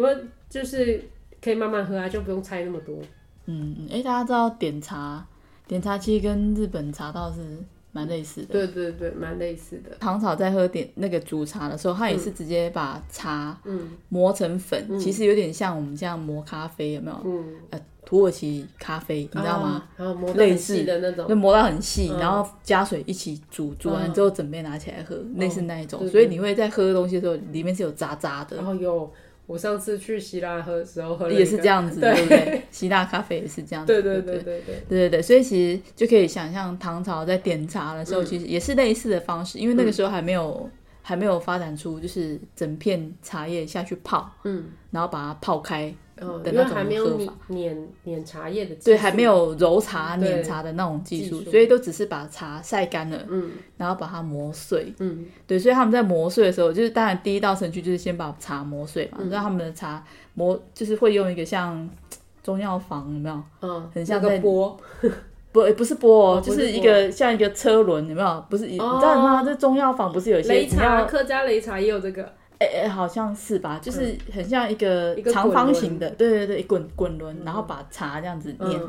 不就是可以慢慢喝啊，就不用猜那麼多。嗯嗯，哎，大家知道點茶，點茶其實跟日本茶倒是蠻類似的。對對對，蠻類似的。唐朝在喝點那個煮茶的時候，它、嗯、也是直接把茶嗯磨成粉、嗯，其實有點像我們這樣磨咖啡，有沒有？嗯，呃，土耳其咖啡，啊、你知道嗎？然後磨到很細的那種，就磨到很細、嗯，然後加水一起煮，煮完、嗯、之後準備拿起來喝、嗯，類似那一種。哦、是所以你會在喝東西的時候、嗯，裡面是有渣渣的。然、哦、後有。我上次去希臘喝的時候喝了一，喝也是這樣子，對不對？希臘咖啡也是這樣子， 對對對對對，對，對，對，對。所以其實就可以想象，唐朝在點茶的時候，其實也是類似的方式，嗯、因為那個時候還沒有、嗯、還沒有發展出就是整片茶葉下去泡，嗯、然後把它泡開。嗯、等到種因為還沒有碾碾碾茶葉的技術，對，還沒有揉茶碾茶的那種技術，所以都只是把茶曬乾了，嗯，然後把它磨碎，嗯，對，所以他們在磨碎的時候，就是當然第一道程序就是先把茶磨碎嘛，你知道、嗯、他們的茶磨，就是會用一個像中藥房有沒有，嗯，很像在、那個波不、欸，不是波哦、喔， 就是一個像一個車輪，有沒有？不是，一、哦你有有不是一，你知道嗎？這中藥房不是有些雷茶，客家雷茶也有這個。哎、欸、哎，好像是吧，就是很像一個長方形的，嗯、對對對，一滾滾輪，然後把茶這樣子碾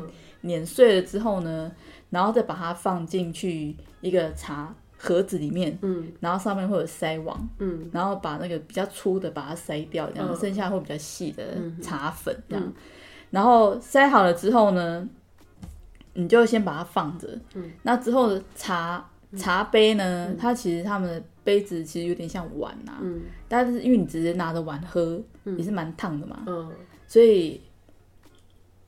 碾、嗯、碎了之後呢，然後再把它放進去一個茶盒子裡面，嗯，然後上面會有篩網，嗯，然後把那個比較粗的把它篩掉，這樣、嗯、剩下會比較細的茶粉這樣，嗯嗯、然後篩好了之後呢，你就先把它放着、嗯，那之後的茶茶杯呢，嗯、它其實它們。杯子其實有點像碗吶、啊嗯，但是因為你直接拿着碗喝，嗯、也是蠻燙的嘛，嗯，所以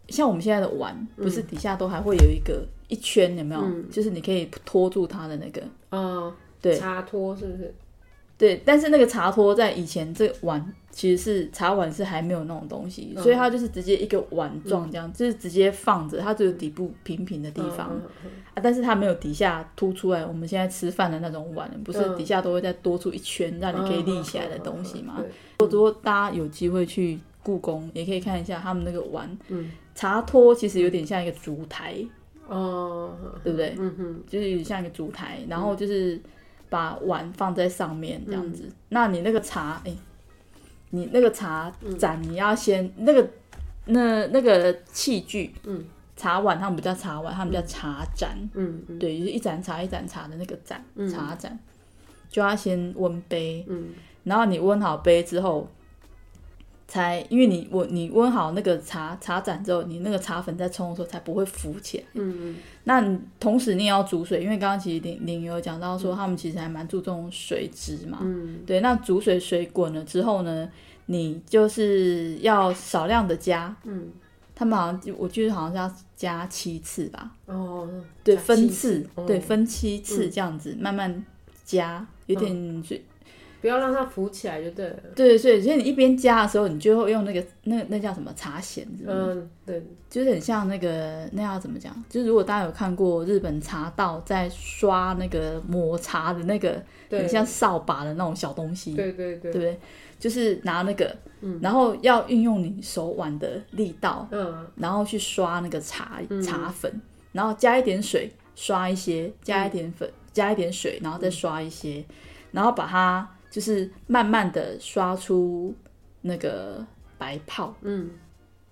像我們現在的碗，不是底下都還會有一個、嗯、一圈，有沒有、嗯？就是你可以托住它的那個啊、嗯，對，茶托是不是？對，但是那個茶托在以前這個碗。其實是茶碗是還沒有那種東西，uh -huh. 所以它就是直接一個碗狀這樣，uh -huh. 就是直接放着，它只有底部平平的地方，uh -huh. 啊，但是它沒有底下凸出來。我們現在吃飯的那種碗，不是底下都會再多出一圈，讓你可以立起來的東西嗎？如果，uh -huh. 大家有機會去故宮，uh -huh. 也可以看一下他們那個碗。Uh -huh. 茶托其實有點像一個燭台哦，uh -huh. 對不對？嗯就是有點像一個燭台，然後就是把碗放在上面這樣子。Uh -huh. 那你那個茶，哎、欸。你那個茶盞，你要先那個、嗯、那那個器具，嗯、茶碗他們不叫茶碗，他們叫茶盞，嗯，嗯，對，就是一盞茶一盞茶的那個盞、嗯嗯，茶盞，就要先溫杯、嗯，然後你溫好杯之後。才，因為你，嗯、我，你溫好那個茶茶盞之後，你那個茶粉在沖的時候才不會浮起來。嗯嗯。那同時你也要煮水，因為剛剛其實您您有講到說，他們其實還蠻注重水質嘛。嗯。對，那煮水水滾了之後呢，你就是要少量的加。嗯。他們好像，我記得好像是要加七次吧。哦。對，分次，對、哦，分七次這樣子、嗯、慢慢加，有點。嗯不要讓它浮起來就對了。對，所以你一邊加的時候，你就會用那個那那叫什麼茶筅，嗯，對，就是很像那個那要怎麼講？就是如果大家有看過日本茶道在刷那個抹茶的那個，很像掃把的那種小東西，對對，對對，對，對就是拿那個、嗯，然後要運用你手腕的力道、嗯，然後去刷那個茶茶粉、嗯，然後加一點水，刷一些，加一點粉，嗯、加一點水，然後再刷一些，嗯、然後把它。就是慢慢的刷出那個白泡，嗯，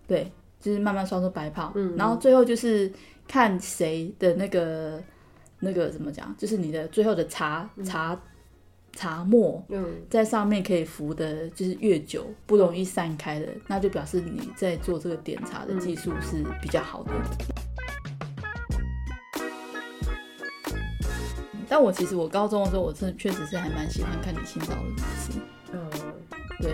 對，就是慢慢刷出白泡，嗯，然後最後就是看誰的那個那個怎麼講，就是你的最後的茶、嗯、茶茶沫，嗯，在上面可以浮的，就是越久不容易散開的、嗯，那就表示你在做這個點茶的技術是比較好的。但我其實我高中的時候，我是確實是還蠻喜歡看李清照的詞。嗯，對，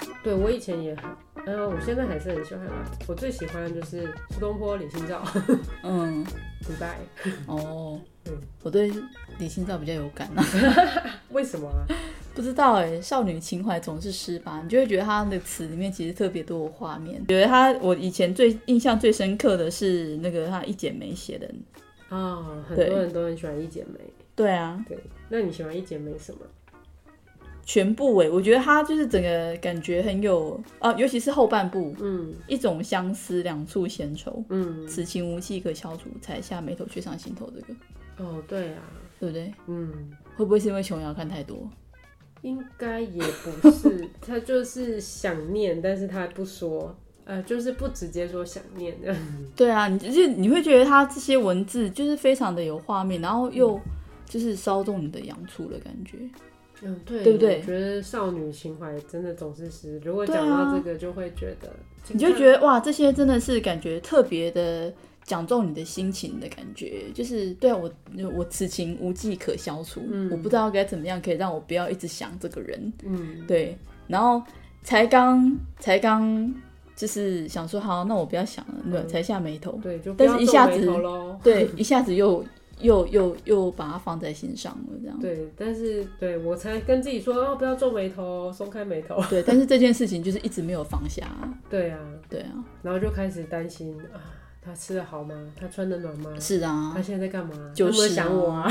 對，對我以前也很，嗯、呃，我現在還是很喜歡。我最喜歡的就是蘇東坡、李清照、 嗯哦。嗯，李白。哦，對，我對李清照比較有感啊。 為什麼、啊？ 不知道哎、欸，少女情懷總是詩吧？你就會覺得她的詞裡面其實特別多畫面。覺得她，我以前最印象最深刻的是那個她《一剪梅》寫的。啊、哦，很多人都很喜歡一《一剪梅》。對啊，對，那你喜歡一剪梅什麼？全部哎、欸，我覺得他就是整個感覺很有啊，尤其是後半部，嗯，一種相思，兩處閒愁，嗯，此情無計可消除，才下眉頭，卻上心頭。這個，哦，對啊，對不對？嗯，會不會是因為瓊瑤看太多？應該也不是，他就是想念， 但是他不說，呃，就是不直接說想念的。 對啊，你就是你會覺得他這些文字就是非常的有畫面，然後又。嗯就是搔中你的癢處的感覺，嗯，對，對不對？我覺得少女情懷真的總是是，如果講到這個，就會覺得、啊、你就覺得哇，這些真的是感覺特別的，講中你的心情的感覺，就是對、啊、我，我此情無計可消除、嗯，我不知道該怎麼樣可以讓我不要一直想這個人，嗯，對。然後才剛才剛就是想說好，那我不要想了，對、嗯，才下眉頭，對，就但是一下子， 對，一下子又。又又又把它放在心上了，這樣對，但是對我才跟自己說哦，不要皺眉頭，鬆開眉頭。對，但是這件事情就是一直沒有放下、啊。對啊，對啊，然後就開始擔心啊，他吃的好嗎？他穿的暖嗎？是啊，他現在在幹嘛？就是、啊、會不會想我啊？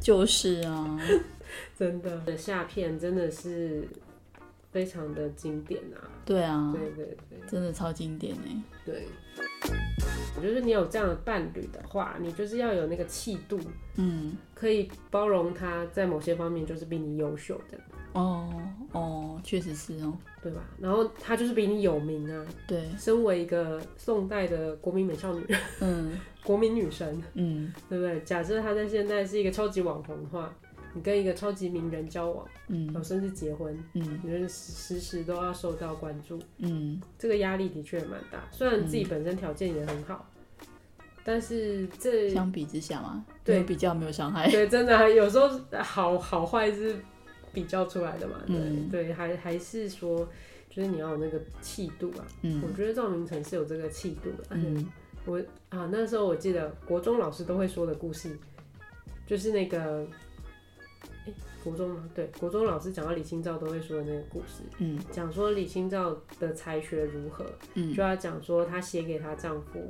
就是啊， 真的 真的下片真的是非常的經典啊。對啊，對對對，真的超經典呢、欸，對。我覺得你有這樣的伴侶的話，你就是要有那個氣度，嗯，可以包容他，在某些方面就是比你優秀這樣。哦哦，確實是哦，對吧？然後他就是比你有名啊，對。身為一個宋代的國民美少女，嗯，國民女神，嗯，對不對？假設他在現在是一個超級網紅的話。你跟一個超級名人交往，嗯，哦、甚至結婚，嗯，你就時時時都要受到關注，嗯，這個壓力的確也蠻大。雖然自己本身條件也很好，嗯、但是這相比之下嘛，對比較沒有傷害。對，真的、啊、有時候好好壞是比較出來的嘛。對、嗯、對，還還是說，就是你要有那個氣度啊。嗯，我覺得趙明誠是有這個氣度的。嗯，我啊，那時候我記得國中老師都會說的故事，就是那個。欸、國中對，國中老師講到李清照都會說的那個故事，嗯，講說李清照的才學如何，嗯，就要講說她寫給她丈夫，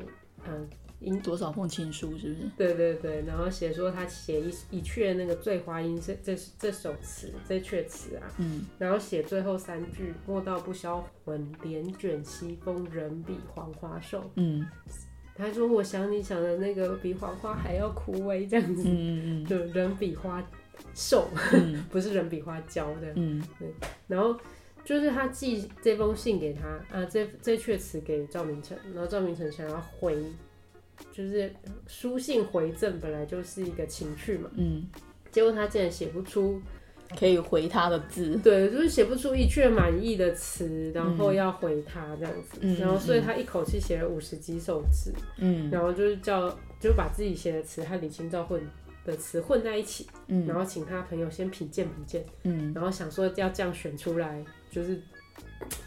嗯、啊，多少封情書是不是？對對對，然後寫說她寫一一闕那個《醉花陰》這這首詞這闕詞啊，嗯，然後寫最後三句“莫道不銷魂，簾卷西風，人比黃花瘦。”嗯，他說我想你想的那個比黃花還要枯萎這樣子，嗯，就人比花。瘦，嗯、 不是人比花嬌的，嗯對，然後就是他寄這封信給他啊，這這闕詞給趙明誠，然後趙明誠想要回，就是書信回贈本來就是一個情趣嘛，嗯，結果他竟然寫不出可以回他的字，對，就是寫不出一闕滿意的詞，然後要回他這樣子，嗯、然後所以他一口氣寫了五十幾首詞，嗯，然後就是叫就把自己寫的詞和李清照混。的詞混在一起，嗯，然後請他朋友先品鑒品鑒，嗯，然後想說要這樣選出來就是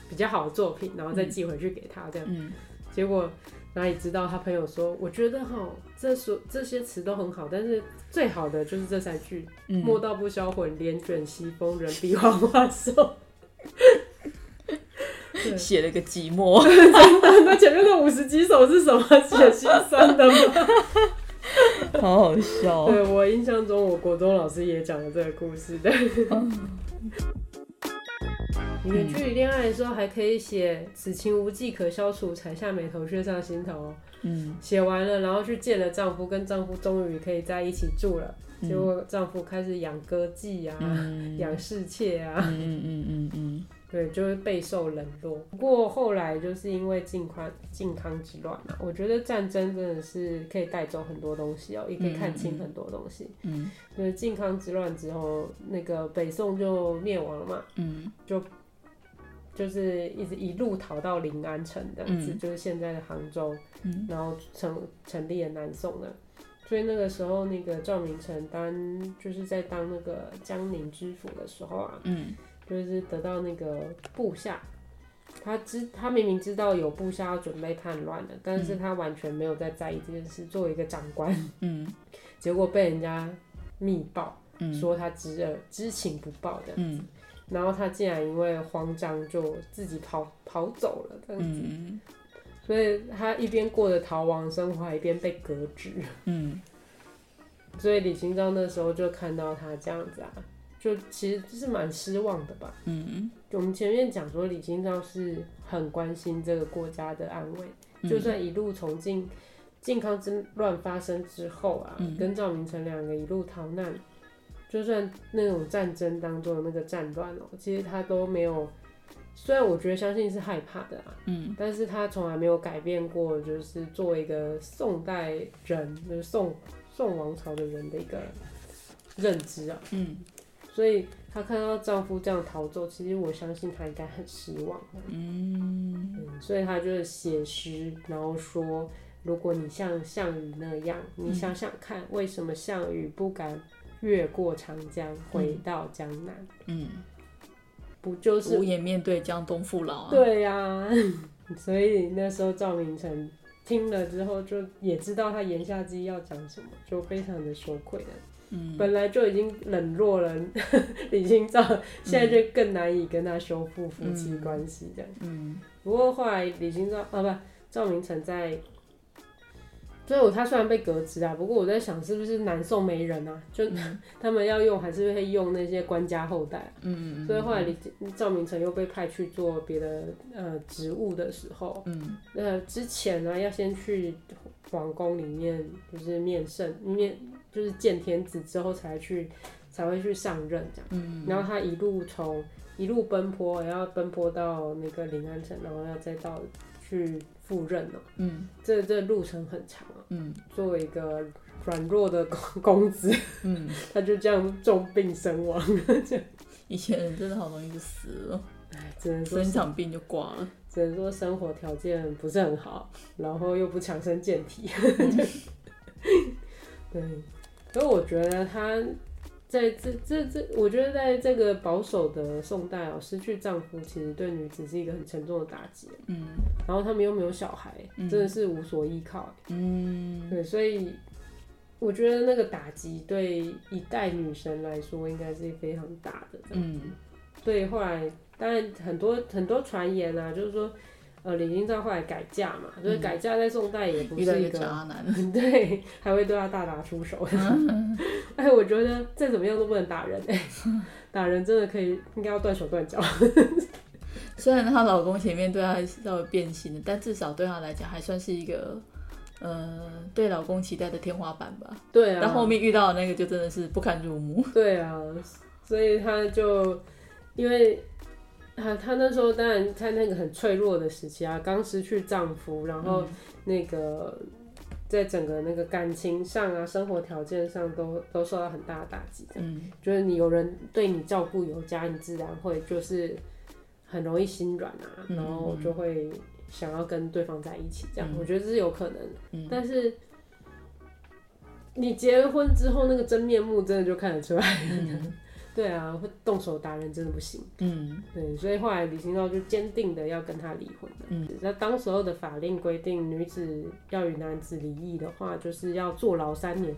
比較好的作品，嗯、然後再寄回去給他這樣嗯，嗯，結果哪裡知道他朋友說，嗯、我覺得哈，這所這些詞都很好，但是最好的就是這三句，莫、嗯、道不銷魂，簾捲西風，人比黃花瘦。寫了個寂寞， 那前面的五十幾首是什麼？寫心酸的嗎？ 好好笑，哦！對，我印象中，我國中老師也講了這個故事。但是，女劇戀愛的時候，還可以寫“此情無計可消除，才下眉頭，卻上心頭”。嗯，寫完了，然後去見了丈夫，跟丈夫終於可以在一起住了。嗯，結果丈夫開始養歌妓啊，養、嗯、侍妾啊。嗯嗯嗯嗯。嗯嗯嗯對，就會、是、備受冷落。不過後來就是因為靖康靖康之亂嘛、啊，我覺得戰爭真的是可以帶走很多東西哦、喔，也可以看清很多東西。嗯，嗯就是靖康之亂之後，那個北宋就滅亡了嘛。嗯，就就是一直一路逃到臨安城的、嗯，就是現在的杭州。然後成成立了南宋了、啊。所以那個時候，那個趙明誠當就是在當那個江寧知府的時候啊。嗯。就是得到那個部下，他知他明明知道有部下要準備叛亂了，但是他完全沒有在在意這件事。作為一個長官，嗯，結果被人家密報，說他知呃，嗯，知情不報這樣子，嗯，然後他竟然因為慌張就自己跑跑走了這樣子，嗯，所以他一邊過着逃亡的生活，一邊被革職，嗯，所以李清照那時候就看到他這樣子啊。就其實就是蠻失望的吧。嗯，就我們前面講說李清照是很關心這個國家的安危，嗯、就算一路從靖靖康之亂發生之後啊，嗯、跟趙明誠兩個一路逃難，就算那種戰爭當中的那個戰亂哦、喔，其實他都沒有。雖然我覺得相信是害怕的啊，嗯，但是他從來沒有改變過，就是作為一個宋代人，就是宋宋王朝的人的一個認知啊，嗯。所以她看到丈夫這樣逃走，其實我相信她應該很失望嗯。嗯，所以她就寫詩，然後說：如果你像項羽那樣、嗯，你想想看，為什麼項羽不敢越過長江回到江南？嗯，嗯不就是無顏面對江東父老啊？對呀、啊。 所以那時候趙明誠聽了之後，就也知道他言下之意要講什麼，就非常的羞愧的。嗯、本來就已經冷落了、嗯、 李清照，現在就更難以跟他修復夫妻關係這樣嗯。嗯，不過後來李清照啊，不，趙明誠在，所以我他雖然被革職啊，不過我在想是不是南宋沒人啊？就、嗯、他們要用，還是會用那些官家後代、啊。嗯，所以後來李趙、嗯、明誠又被派去做別的呃職務的時候，嗯，那、呃、之前呢要先去皇宮裡面就是面聖面。就是見天子之後才去，才會去上任這樣。嗯，然後他一路從一路奔波，然後奔波到那個臨安城，然後要再到去赴任、喔、嗯，這這路程很長啊、喔。嗯，作為一個軟弱的公公子。嗯， 他就這樣重病身亡。 以前人真的好容易就死了，唉，生一場病就掛了。只能說生活條件不是很好，然後又不強身健體。 嗯、 對。所以我覺得她在這這這，我覺得在這個保守的宋代哦、喔，失去丈夫其實對女子是一個很沉重的打擊。嗯，然後他們又沒有小孩、嗯，真的是無所依靠。嗯，對，所以我覺得那個打擊對一代女神來說應該是非常大的。這樣子。嗯，對，後來當然很多很多傳言啊，就是說。呃，李清照後來改嫁嘛，就是改嫁在宋代也不是一個渣、嗯、男，對，還會對她大打出手。嗯、 哎，我覺得再怎麼樣都不能打人、欸，哎、嗯，打人真的可以，應該要斷手斷腳。 雖然她老公前面對她稍微變心了，但至少對她來講還算是一個，呃，對老公期待的天花板吧。對啊。但後面遇到的那個就真的是不堪入目。對啊，所以她就因為。她、啊、那時候當然在那個很脆弱的時期啊，剛失去丈夫，然後那個在整個那個感情上啊，生活條件上都都受到很大的打擊。嗯，就是你有人對你照顧有加，你自然會就是很容易心軟啊、嗯，然後就會想要跟對方在一起。這樣、嗯，我覺得是有可能。嗯，但是你結婚之後，那個真面目真的就看得出來 對啊，會動手打人真的不行。嗯，對，所以後來李清照就堅定的要跟他離婚。嗯，那當時候的法令規定，女子要與男子離異的話，就是要坐牢三年。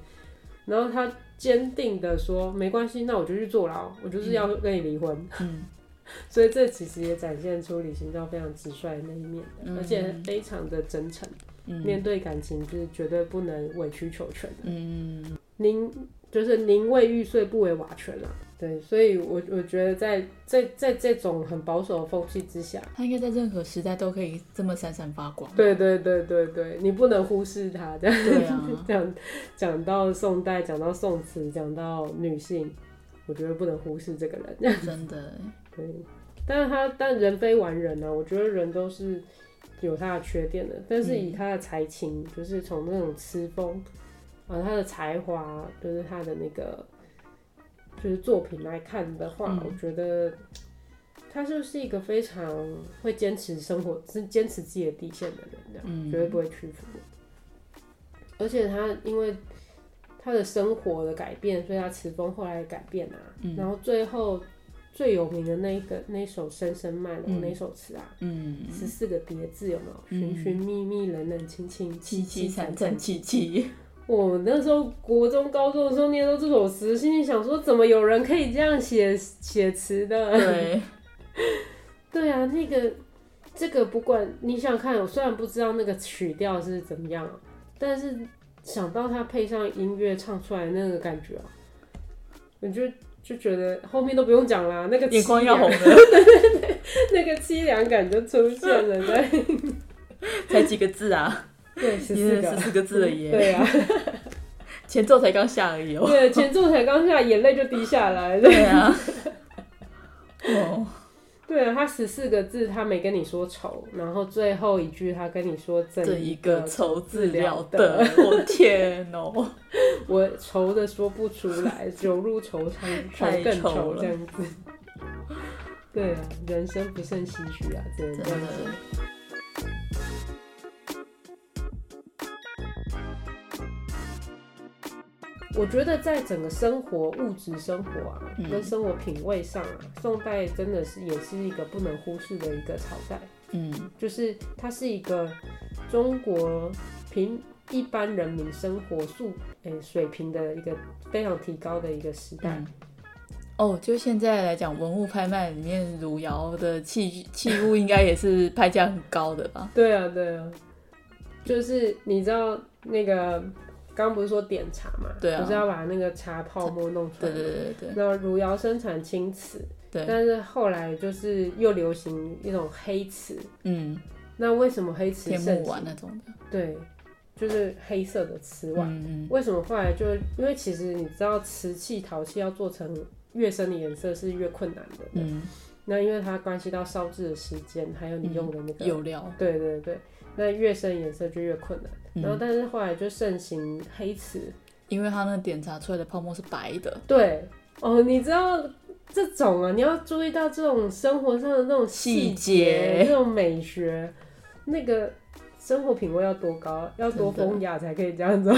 然後他堅定的說，沒關係，那我就去坐牢，我就是要跟你離婚。嗯， 所以這其實也展現出李清照非常直率的那一面，嗯、而且非常的真誠，嗯。面對感情就是絕對不能委曲求全的。嗯，寧就是寧為玉碎不為瓦全了，啊。對，所以我，我我覺得在在在這種很保守的風氣之下，他應該在任何時代都可以這麼閃閃發光、啊。對對對對，你不能忽視他。這樣這講、啊、到宋代，講到宋詞，講到女性，我覺得不能忽視這個人。真的。對，但是他但人非完人呢、啊，我覺得人都是有他的缺點的。但是以他的才情，嗯、就是從那種詞風，呃、啊，他的才華，就是他的那個。就是作品來看的話、嗯，我覺得他就是一個非常會堅持生活、堅持自己的底線的人這樣、嗯，絕對不會屈服。而且他因為他的生活的改變，所以他詞風後來改變了、啊嗯。然後最後最有名的那一個那一首《聲聲慢》的那首詞啊？十、嗯、四個疊字有沒有？尋尋覓覓，冷冷清清，淒淒慘慘戚戚。我那時候國中、高中的時候念到這首詞，心裡想說，怎麼有人可以這樣寫寫詞的、啊？對， 對啊，那個這個不管你想看，我雖然不知道那個曲調是怎麼樣，但是想到它配上音樂唱出來那個感覺你、啊、就就覺得後面都不用講啦，那個眼眶要紅的， 那個淒涼感就出現了，對 ，才幾個字啊。對，十四個，yeah, 十四個字的耶。對啊。 前奏才剛下而已哦。對，前奏才剛下，眼淚就滴下來。對啊。哦，對啊， oh. 對，他十四個字，他沒跟你說愁，然後最後一句他跟你說真的，這一個愁字了得。我天哦，我愁的說不出來，酒 入愁腸，愁 更愁這樣子。對啊，人生不勝唏噓啊，真的這樣子。我覺得在整個生活、物質生活啊，跟生活品味上啊、嗯，宋代真的是也是一個不能忽視的一個朝代。嗯，就是它是一個中國平一般人民生活素誒、欸、水平的一個非常提高的一個時代。嗯、哦，就現在來講，文物拍賣裡面汝窑的器器物應該也是拍價很高的吧？ 對啊，對啊，就是你知道那個。剛不是說點茶嘛、啊，不是要把那個茶泡沫弄出來。對對對對。那汝窑生產青瓷，但是後來就是又流行一種黑瓷。嗯。那為什麼黑瓷？天目碗那種的。對，就是黑色的瓷碗。嗯,嗯為什麼後來就？因為其實你知道，瓷器陶器要做成越深的顏色是越困難的。嗯。那因為它關係到燒制的時間，還有你用的那個、嗯、有料。對對對,對。越深顏色就越困難、嗯，然後但是後來就盛行黑瓷，因為它那點茶出來的泡沫是白的。對哦，你知道這種啊，你要注意到這種生活上的那種細節、那種美學，那個生活品味要多高，要多風雅才可以這樣子。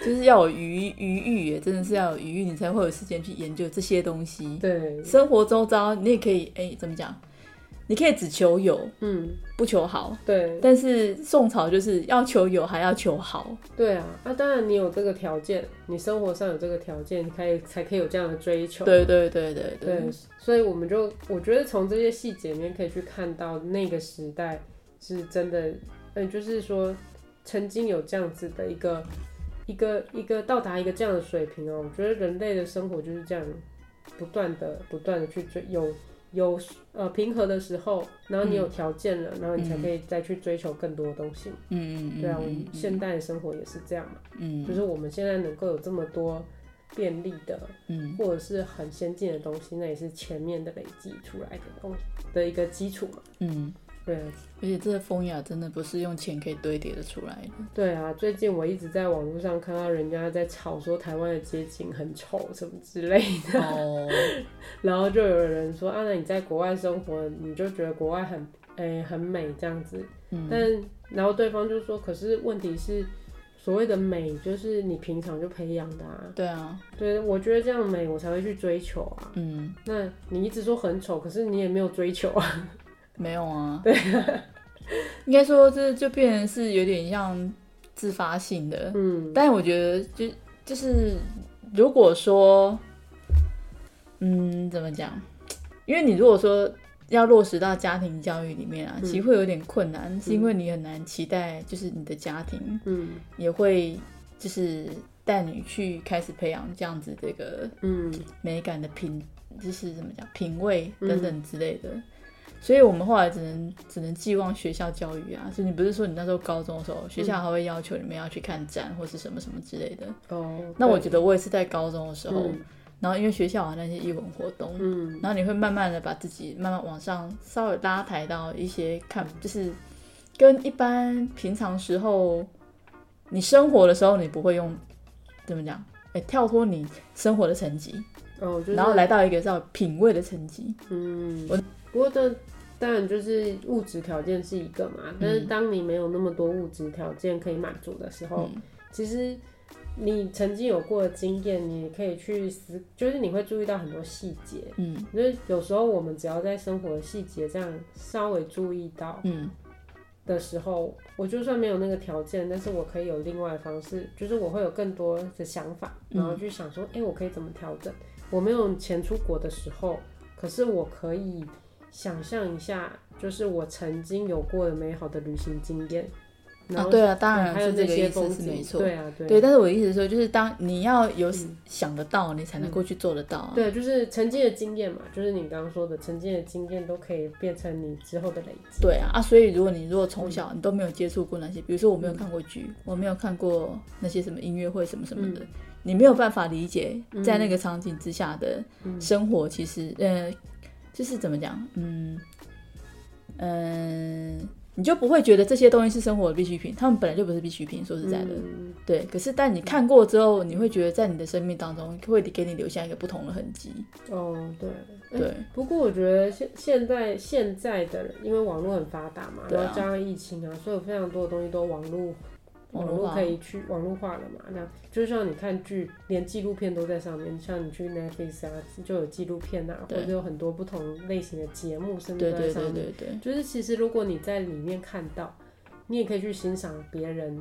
就是要有餘餘裕，真的是要有餘裕，你才會有時間去研究這些東西。對，生活周遭你也可以，哎，怎麼講？你可以只求有，嗯，不求好，對。但是宋朝就是要求有，還要求好。對啊，那，啊，當然你有這個條件，你生活上有這個條件，你可以才可以有這樣的追求。對，對對對對對。對，所以我們就，我覺得從這些細節裡面可以去看到那個時代是真的，嗯，就是說曾經有這樣子的一個一個一個到達一個這樣的水平哦、喔。我覺得人類的生活就是這樣，不斷的不斷的去追有。有呃平和的時候，然後你有條件了，嗯，然後你才可以再去追求更多的東西。嗯，對啊，我們現代的生活也是這樣嘛。嗯。就是我們現在能夠有這麼多便利的，嗯，或者是很先進的東西，那也是前面的累積出來的東西的一個基礎嘛。嗯。對、啊，而且這個風雅真的不是用錢可以堆疊的出來的。對啊，最近我一直在網絡上看到人家在吵說台灣的街景很醜什麼之類的，Oh. 然後就有人說啊，那你在國外生活，你就覺得國外很誒、欸、很美這樣子。嗯。但然後對方就說，可是問題是，所謂的美就是你平常就培養的啊。對啊。對，我覺得這樣美，我才會去追求啊。嗯。那你一直說很醜，可是你也沒有追求啊。沒有啊，對 ，應該說這就變成是有點像自發性的，嗯，但我覺得就就是如果說，嗯，怎麼講？因為你如果說要落實到家庭教育裡面啊，嗯、其實會有點困難、嗯，是因為你很難期待，就是你的家庭，嗯，也會就是帶你去開始培養這樣子這個，嗯，美感的品，嗯、就是怎麼講，品味等等之類的。所以，我們後來只能只能寄望學校教育啊。所以，你不是說你那時候高中的時候，學校還會要求你們要去看展或是什麼什麼之類的？哦、oh, okay.。那我覺得我也是在高中的時候，嗯、然後因為學校還、啊、有那些藝文活動，嗯，然後你會慢慢的把自己慢慢往上稍微拉抬到一些看，就是跟一般平常時候你生活的時候，你不會用怎麼講？哎、欸，跳脫你生活的層級、oh, 就是，然後來到一個叫品味的層級，嗯，我。不過這當然就是物質條件是一個嘛、嗯，但是當你沒有那麼多物質條件可以滿足的時候，嗯、其實你曾經有過的經驗，你也可以去思，就是你會注意到很多細節，嗯，因為有時候我們只要在生活的細節這樣稍微注意到，嗯的時候、嗯，我就算沒有那個條件，但是我可以有另外的方式，就是我會有更多的想法，然後去想說，誒、嗯，我可以怎麼調整？我沒有錢出國的時候，可是我可以。想象一下，就是我曾經有過的美好的旅行經驗。啊，對啊，當然是這個意思是沒錯，還有那些風景、啊。對啊，對。對，但是我的意思是說，就是當你要有想得到，嗯、你才能夠去做得到、啊。對、啊，就是曾經的經驗嘛，就是你剛剛說的，曾經的經驗都可以變成你之後的累積。對啊，啊，所以如果你如果從小你都沒有接觸過那些、嗯，比如說我沒有看過劇、嗯，我沒有看過那些什麼音樂會什麼什麼的、嗯，你沒有辦法理解在那個場景之下的生活，其實，嗯、呃。就是怎麼講，嗯嗯，你就不會覺得這些東西是生活的必需品，他們本來就不是必需品。說實在的，嗯、對。可是，但你看過之後，你會覺得在你的生命當中會給你留下一個不同的痕迹。哦，對對、欸。不過我覺得現現在現在的人，因為網絡很發達嘛，對、啊，然後加上疫情啊，所以非常多的東西都網絡。網絡可以去網絡化了嘛？那就像你看劇，連紀錄片都在上面。像你去 Netflix 啊，就有紀錄片啊或者有很多不同類型的節目，甚至在上面。對,對對對對對。就是其實如果你在裡面看到，你也可以去欣賞別人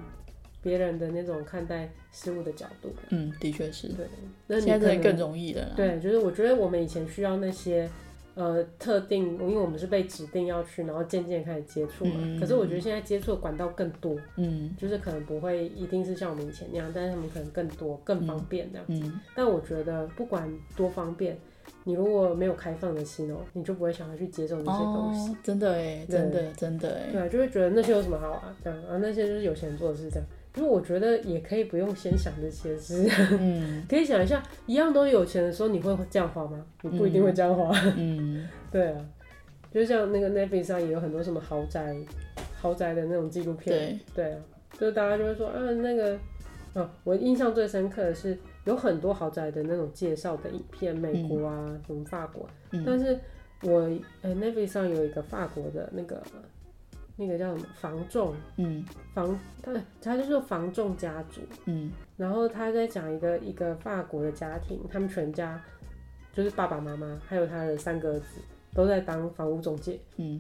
別人的那種看待事物的角度。嗯，的確是。對，那你可現在更容易了。對，就是我覺得我們以前需要那些。呃，特定，因為我們是被指定要去，然後漸漸開始接觸嘛、嗯。可是我覺得現在接觸的管道更多，嗯，就是可能不會一定是像我們以前那樣，但是他們可能更多、更方便這樣子。嗯嗯、但我覺得不管多方便，你如果沒有開放的心哦，你就不會想要去接受那些東西。真的誒，真的真的誒，對，就會覺得那些有什麼好玩這樣啊，然後那些就是有錢人做的事這樣。因為我覺得也可以不用先想這些事，是嗯、 可以想一下，一樣都有錢的時候，你會這樣花嗎、嗯？你不一定會這樣花。嗯， 對啊，就像那個 Netflix 上也有很多什麼豪宅、豪宅的那種紀錄片對。對啊，就是大家就會說，啊、呃，那個、啊，我印象最深刻的是有很多豪宅的那種介紹的影片，美國啊，嗯、什麼法國，嗯、但是我哎 Netflix 上有一個法國的那個。那個叫什麼？房仲，嗯，房，他，他就是房仲家族，嗯，然後他在講一個一個法國的家庭，他們全家就是爸爸媽媽，還有他的三個兒子都在當房屋中介，嗯，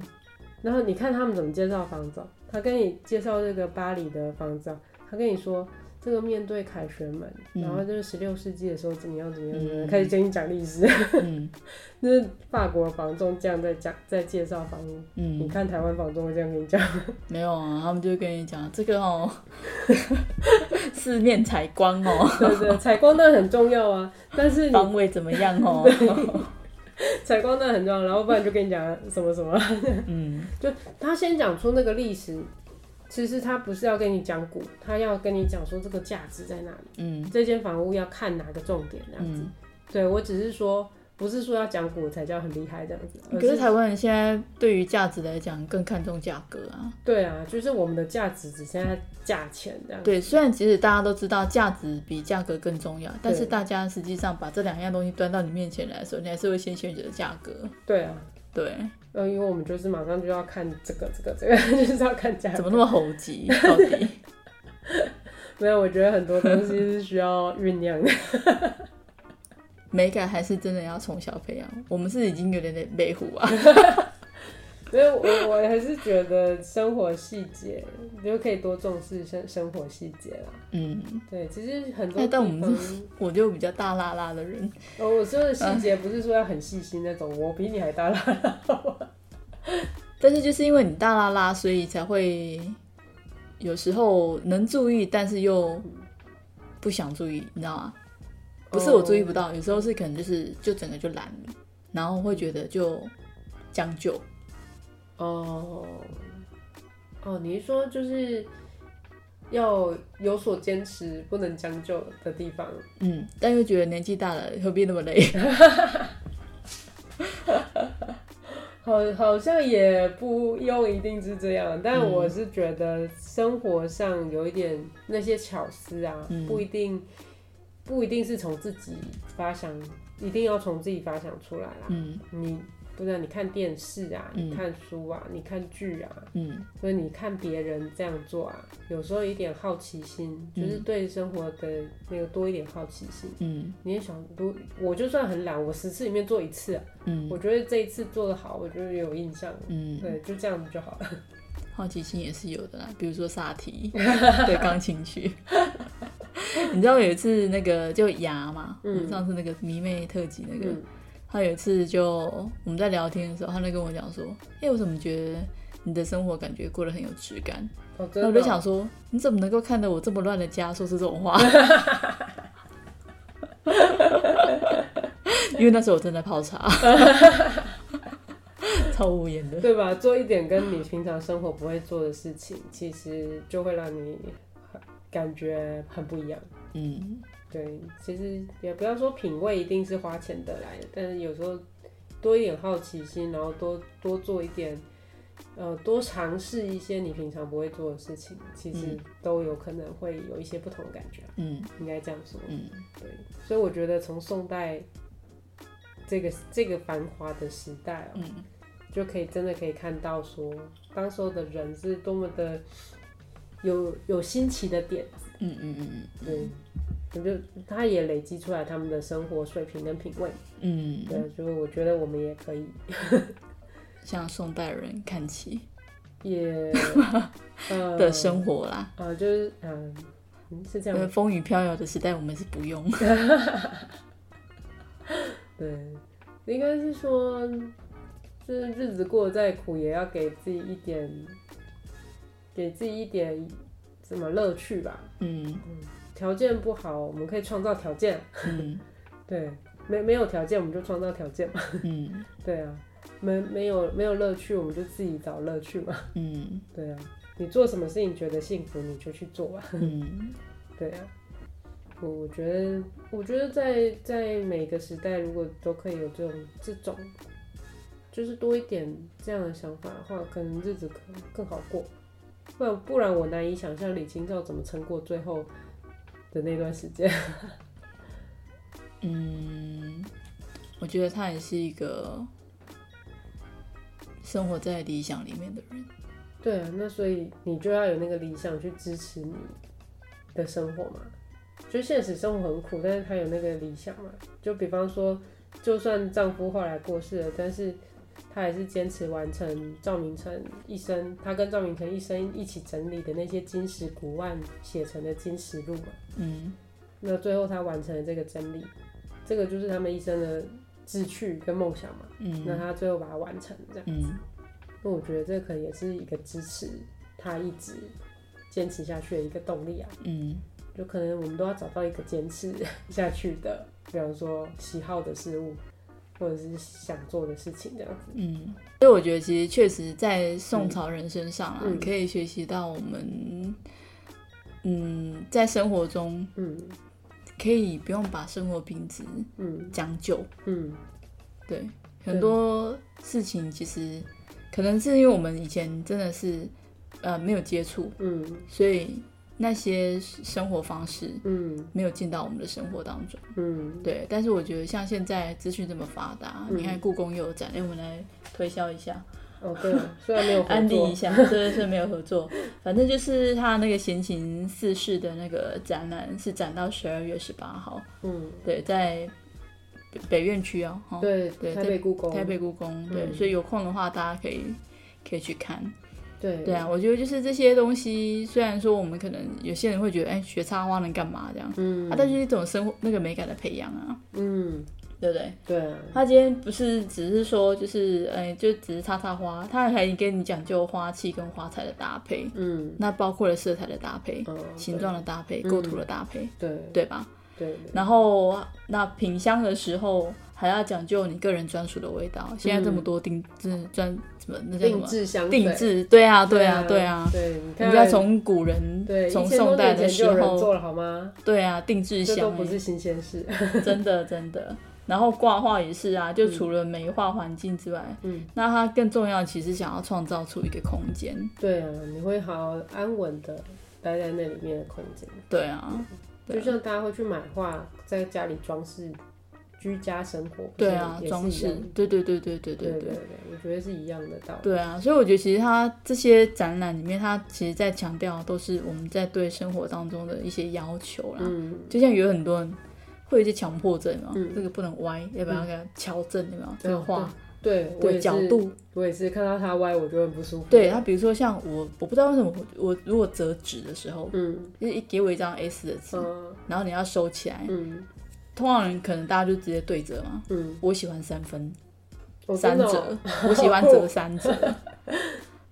然後你看他們怎麼介紹房子哦，他跟你介紹這個巴黎的房子，他跟你說。這個面對凱旋門、嗯，然後就是十六世紀的時候怎麼樣怎麼樣,怎麼樣、嗯，開始跟你講歷史。嗯，那 是法國房仲這樣在講，在介紹房屋。嗯，你看台灣房仲會這樣跟你講？嗯、 沒有啊，他們就跟你講這個哦， 四面採光哦， 對,對對，採光那很重要啊。但是方位怎麼樣哦？採 光那很重要，然後不然就跟你講什麼什麼。 嗯，就他先講出那個歷史。其實他不是要跟你講股，他要跟你講說這個價值在哪裡。嗯，這間房屋要看哪個重點這樣子。嗯、對，我只是說，不是說要講股才叫很厲害這樣子。可是台灣人現在對於價值來講更看重價格啊。對啊，就是我們的價值只剩下價錢這樣、嗯。對，雖然其實大家都知道價值比價格更重要，但是大家實際上把這兩樣東西端到你面前來的時候，你還是會先選擇價格。對啊，對。嗯，因為我們就是馬上就要看這個、這個、這個，就是要看家。怎麼那麼猴急？到 底 沒有，我覺得很多東西是需要醞釀的。 美感還是真的要從小培養。我們是已經有點點美虎啊。 所以，我我還是覺得生活細節，就可以多重視生生活細節啦。嗯，對，其實很多。但我們是，我就比較大剌剌的人，哦。我說的細節不是說要很細心那種，啊、我比你還大剌剌。 但是，就是因為你大剌剌，所以才會有時候能注意，但是又不想注意，你知道嗎？不是我注意不到，Oh. 有時候是可能就是就整個就懶，然後會覺得就將就。哦哦，你是說就是要有所堅持，不能將就的地方，嗯，但又覺得年紀大了，何必那麼累？哈，哈，哈，好，好像也不用一定是這樣，但我是覺得生活上有一點那些巧思啊，不一定，不一定是從自己發想，一定要從自己發想出來啦，嗯，你。不然、啊、你看電視啊，你看書啊，嗯、你看劇啊，嗯，所以你看別人這樣做啊，有時候有一點好奇心、嗯，就是對生活的那個多一點好奇心，嗯，你也想，多，我就算很懶，我十次裡面做一次，啊，嗯，我覺得這一次做得好，我覺得有印象，嗯，對，就這樣子就好了。好奇心也是有的啦，比如說薩提 對鋼琴曲， 你知道有一次那個就牙嘛，嗯，上次那個迷妹特輯那個。嗯他有一次就我們在聊天的時候，他就跟我講說：“哎、欸，我怎麼覺得你的生活感覺過得很有質感？”哦、我就想說：“你怎麼能夠看到我這麼亂的家，說是這種話？” 因為那時候我正在泡茶， 超無言的，對吧？做一點跟你平常生活不會做的事情，其實就會讓你感覺很不一樣。嗯。對，其實也不要說品味一定是花錢得來的，但是有時候多一點好奇心，然後多多做一點，呃，多嘗試一些你平常不會做的事情，其實都有可能會有一些不同的感覺。嗯，應該這樣說。嗯，對。所以我覺得從宋代這個這個繁華的時代哦，嗯，就可以真的可以看到說，說當時的人是多麼的有有新奇的點子。嗯嗯嗯嗯，對。就他也累積出來他們的生活水平跟品味，嗯，對，所以我覺得我們也可以像宋代人看齊也，yeah, 的生活啦，啊、呃呃，就是，呃、嗯，是這樣，風雨飄搖的時代，我們是不用， 對，應該是說，就是日子過得再苦，也要給自己一點，給自己一點什麼樂趣吧，嗯。嗯條件不好，我們可以創造條件。嗯、 對，沒沒有條件，我們就創造條件嘛。嗯， 對啊，沒沒有沒有樂趣，我們就自己找樂趣嘛。嗯， 對啊，你做什麼事情覺得幸福，你就去做啊。 對啊，我我覺得，我覺得在在每個時代，如果都可以有這種這種，就是多一點這樣的想法的話，可能日子可能更好過。不然不然，我難以想象李清照怎麼撐過最後。那段時間， 嗯，我覺得他也是一個生活在理想裡面的人。對啊，那所以你就要有那個理想去支持你的生活嘛。就現實生活很苦，但是他有那個理想嘛。就比方說，就算丈夫後來過世了，但是。他還是堅持完成趙明誠一生，他跟趙明誠一生一起整理的那些金石古玩寫成的《金石錄》嘛。嗯。那最後他完成了這個整理，這個就是他們一生的志趣跟夢想嘛。嗯。那他最後把它完成，這樣子。嗯。那我覺得這可能也是一個支持他一直堅持下去的一個動力啊。嗯。就可能我們都要找到一個堅持下去的，比方說喜好的事物。或者是想做的事情這樣子，嗯，所以我覺得其實確實在宋朝人身上啊，嗯嗯、可以學習到我們，嗯，在生活中，嗯，可以不用把生活品質，講究、嗯，嗯，對，很多事情其實、嗯、可能是因為我們以前真的是，呃，沒有接觸，嗯，所以。那些生活方式，嗯，沒有進到我們的生活當中，嗯，對。但是我覺得像現在資訊這麼發達，嗯，你看故宮又有展，哎，欸，我們來推銷一下。哦對 下，對，雖然沒有安利一下，雖然沒有合作，反正就是他那個閒情四事的那個展覽是展到十二月十八號，嗯，對，在北北院區哦，哦，對對，台北故宮，台北故宮，對，嗯，所以有空的話大家可以可以去看。對對啊，我覺得就是這些東西，雖然說我們可能有些人會覺得，哎，學插花能幹嘛這樣？嗯，啊，但是一種生活那個美感的培養啊，嗯，對不對？對、啊。他今天不是只是說就是，哎，就只是插插花，他還跟你講究花器跟花材的搭配，嗯，那包括了色彩的搭配、嗯、形狀的搭配、嗯、構圖的搭配，嗯、對對吧？對,對，然後那品香的時候還要講究你個人專屬的味道。嗯、現在這麼多定制專什麼那叫什麼定制香？定制對啊,對啊，對啊，對啊，對。你,你要從古人從宋代的時候做了好嗎？對啊，定制香不是新鮮事， 真的真的。然後掛畫也是啊，就除了美化環境之外嗯，嗯，那它更重要的其實想要創造出一個空間。對啊，你會好,好安穩的待在那裡面的空間。對啊。對啊、就像大家會去買畫，在家裡裝飾居家生活，對啊，裝飾，對對對對對對對對，對對對，我覺得是一樣的道理。對啊，所以我覺得其實他這些展覽裡面，他其實在強調都是我們在對生活當中的一些要求啦。嗯、就像有很多人會有些強迫症啊、嗯，這個不能歪，要不然要給它敲正對嗎？這個畫。嗯對，對我，角度我也是看到它歪，我就很不舒服。對他，它比如說像我，我不知道為什麼我，我如果折紙的時候，嗯，就是一給我一張 S 的紙，嗯，然後你要收起來，嗯，通常人可能大家就直接對折嘛，嗯，我喜歡三分，三折，我喜歡折三折。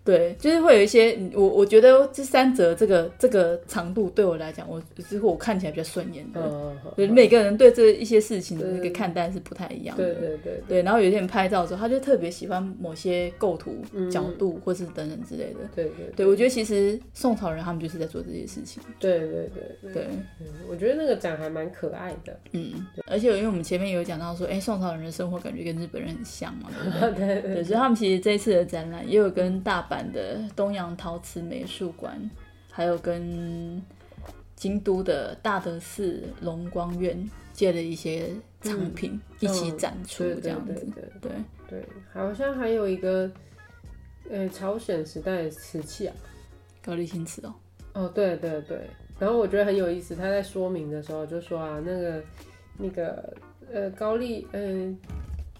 對，就是會有一些我我覺得這三折這個這個長度對我來講，我之後我看起來比較順眼的。嗯、oh, oh, oh, oh, oh. 每個人對這一些事情的那個看待是不太一樣的。對對對、對。對，然後有一天拍照的時候，他就特別喜歡某些構圖角度或者是等等之類的，嗯。對對對。對，我覺得其實宋朝人他們就是在做這些事情。對對對對。我覺得那個展還蠻可愛的。嗯。而且因為我們前面也有講到說，哎、欸，宋朝人的生活感覺跟日本人很像嘛。對 對、對對。所以他們其實這一次的展覽也有跟大阪，的東洋陶瓷美術館，還有跟京都的大德寺龍光院借了一些藏品一起展出，這樣子。嗯嗯、對對對，對，對，對，對好像還有一個，呃，朝鮮時代的瓷器啊，高麗青瓷哦。哦，對對對。然後我覺得很有意思，他在說明的時候就說啊，那個那個呃，高麗呃，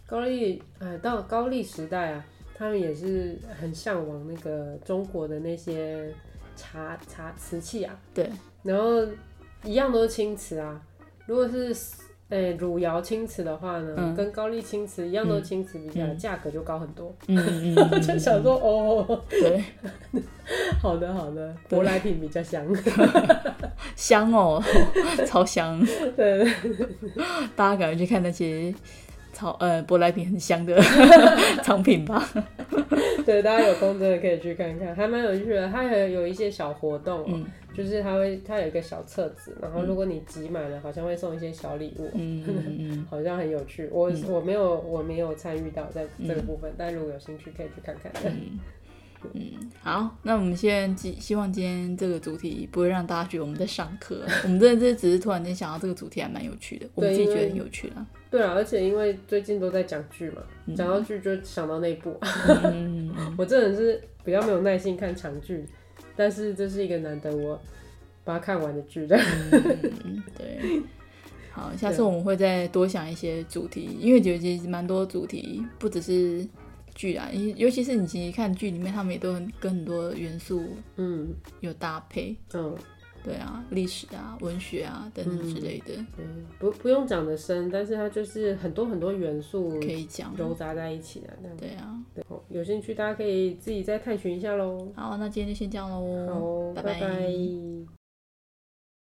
高麗呃，到高麗時代啊。他們也是很向往那個中國的那些茶茶瓷器啊，對，然後一樣都是青瓷啊。如果是哎汝窯青瓷的話呢，嗯、跟高麗青瓷一樣都是青瓷，比較價格就高很多。嗯嗯， 就想說、嗯、哦，對，好 的好的，舶來品比較香， 香哦，哦，超香。對， 大家趕快去看那些。草呃，舶來品很香的 藏品吧？ 對，大家有空真的可以去看看，還蠻有趣的。它還有一些小活動，哦嗯，就是它會它有一個小冊子，然後如果你集滿了，嗯，好像會送一些小禮物，嗯，嗯呵呵好像很有趣。我、嗯、我沒有我沒有參與到在這個部分，嗯，但如果有興趣可以去看看嗯。嗯，好，那我們先希希望今天這個主題不會讓大家覺得我們在上課。 我們真的這只是突然間想到這個主題還蠻有趣的，我們自己覺得很有趣的。對啊，而且因為最近都在講劇嘛，講到劇就想到那一部，嗯、 我真的是比較沒有耐心看長劇，但是這是一個難得我把它看完的劇的。嗯、對、啊，好，下次我們會再多想一些主題，因為覺得其實蠻多主題，不只是劇啊，尤尤其是你其實看劇裡面，他們也都很跟很多元素，嗯，有搭配，嗯。嗯對啊，歷史啊，文學啊等等之類的，嗯、對不不用講得深，但是它就是很多很多元素可以講糅雜在一起的、啊，對啊對，有興趣大家可以自己再探尋一下嘍。好，那今天就先這樣嘍，好，拜拜。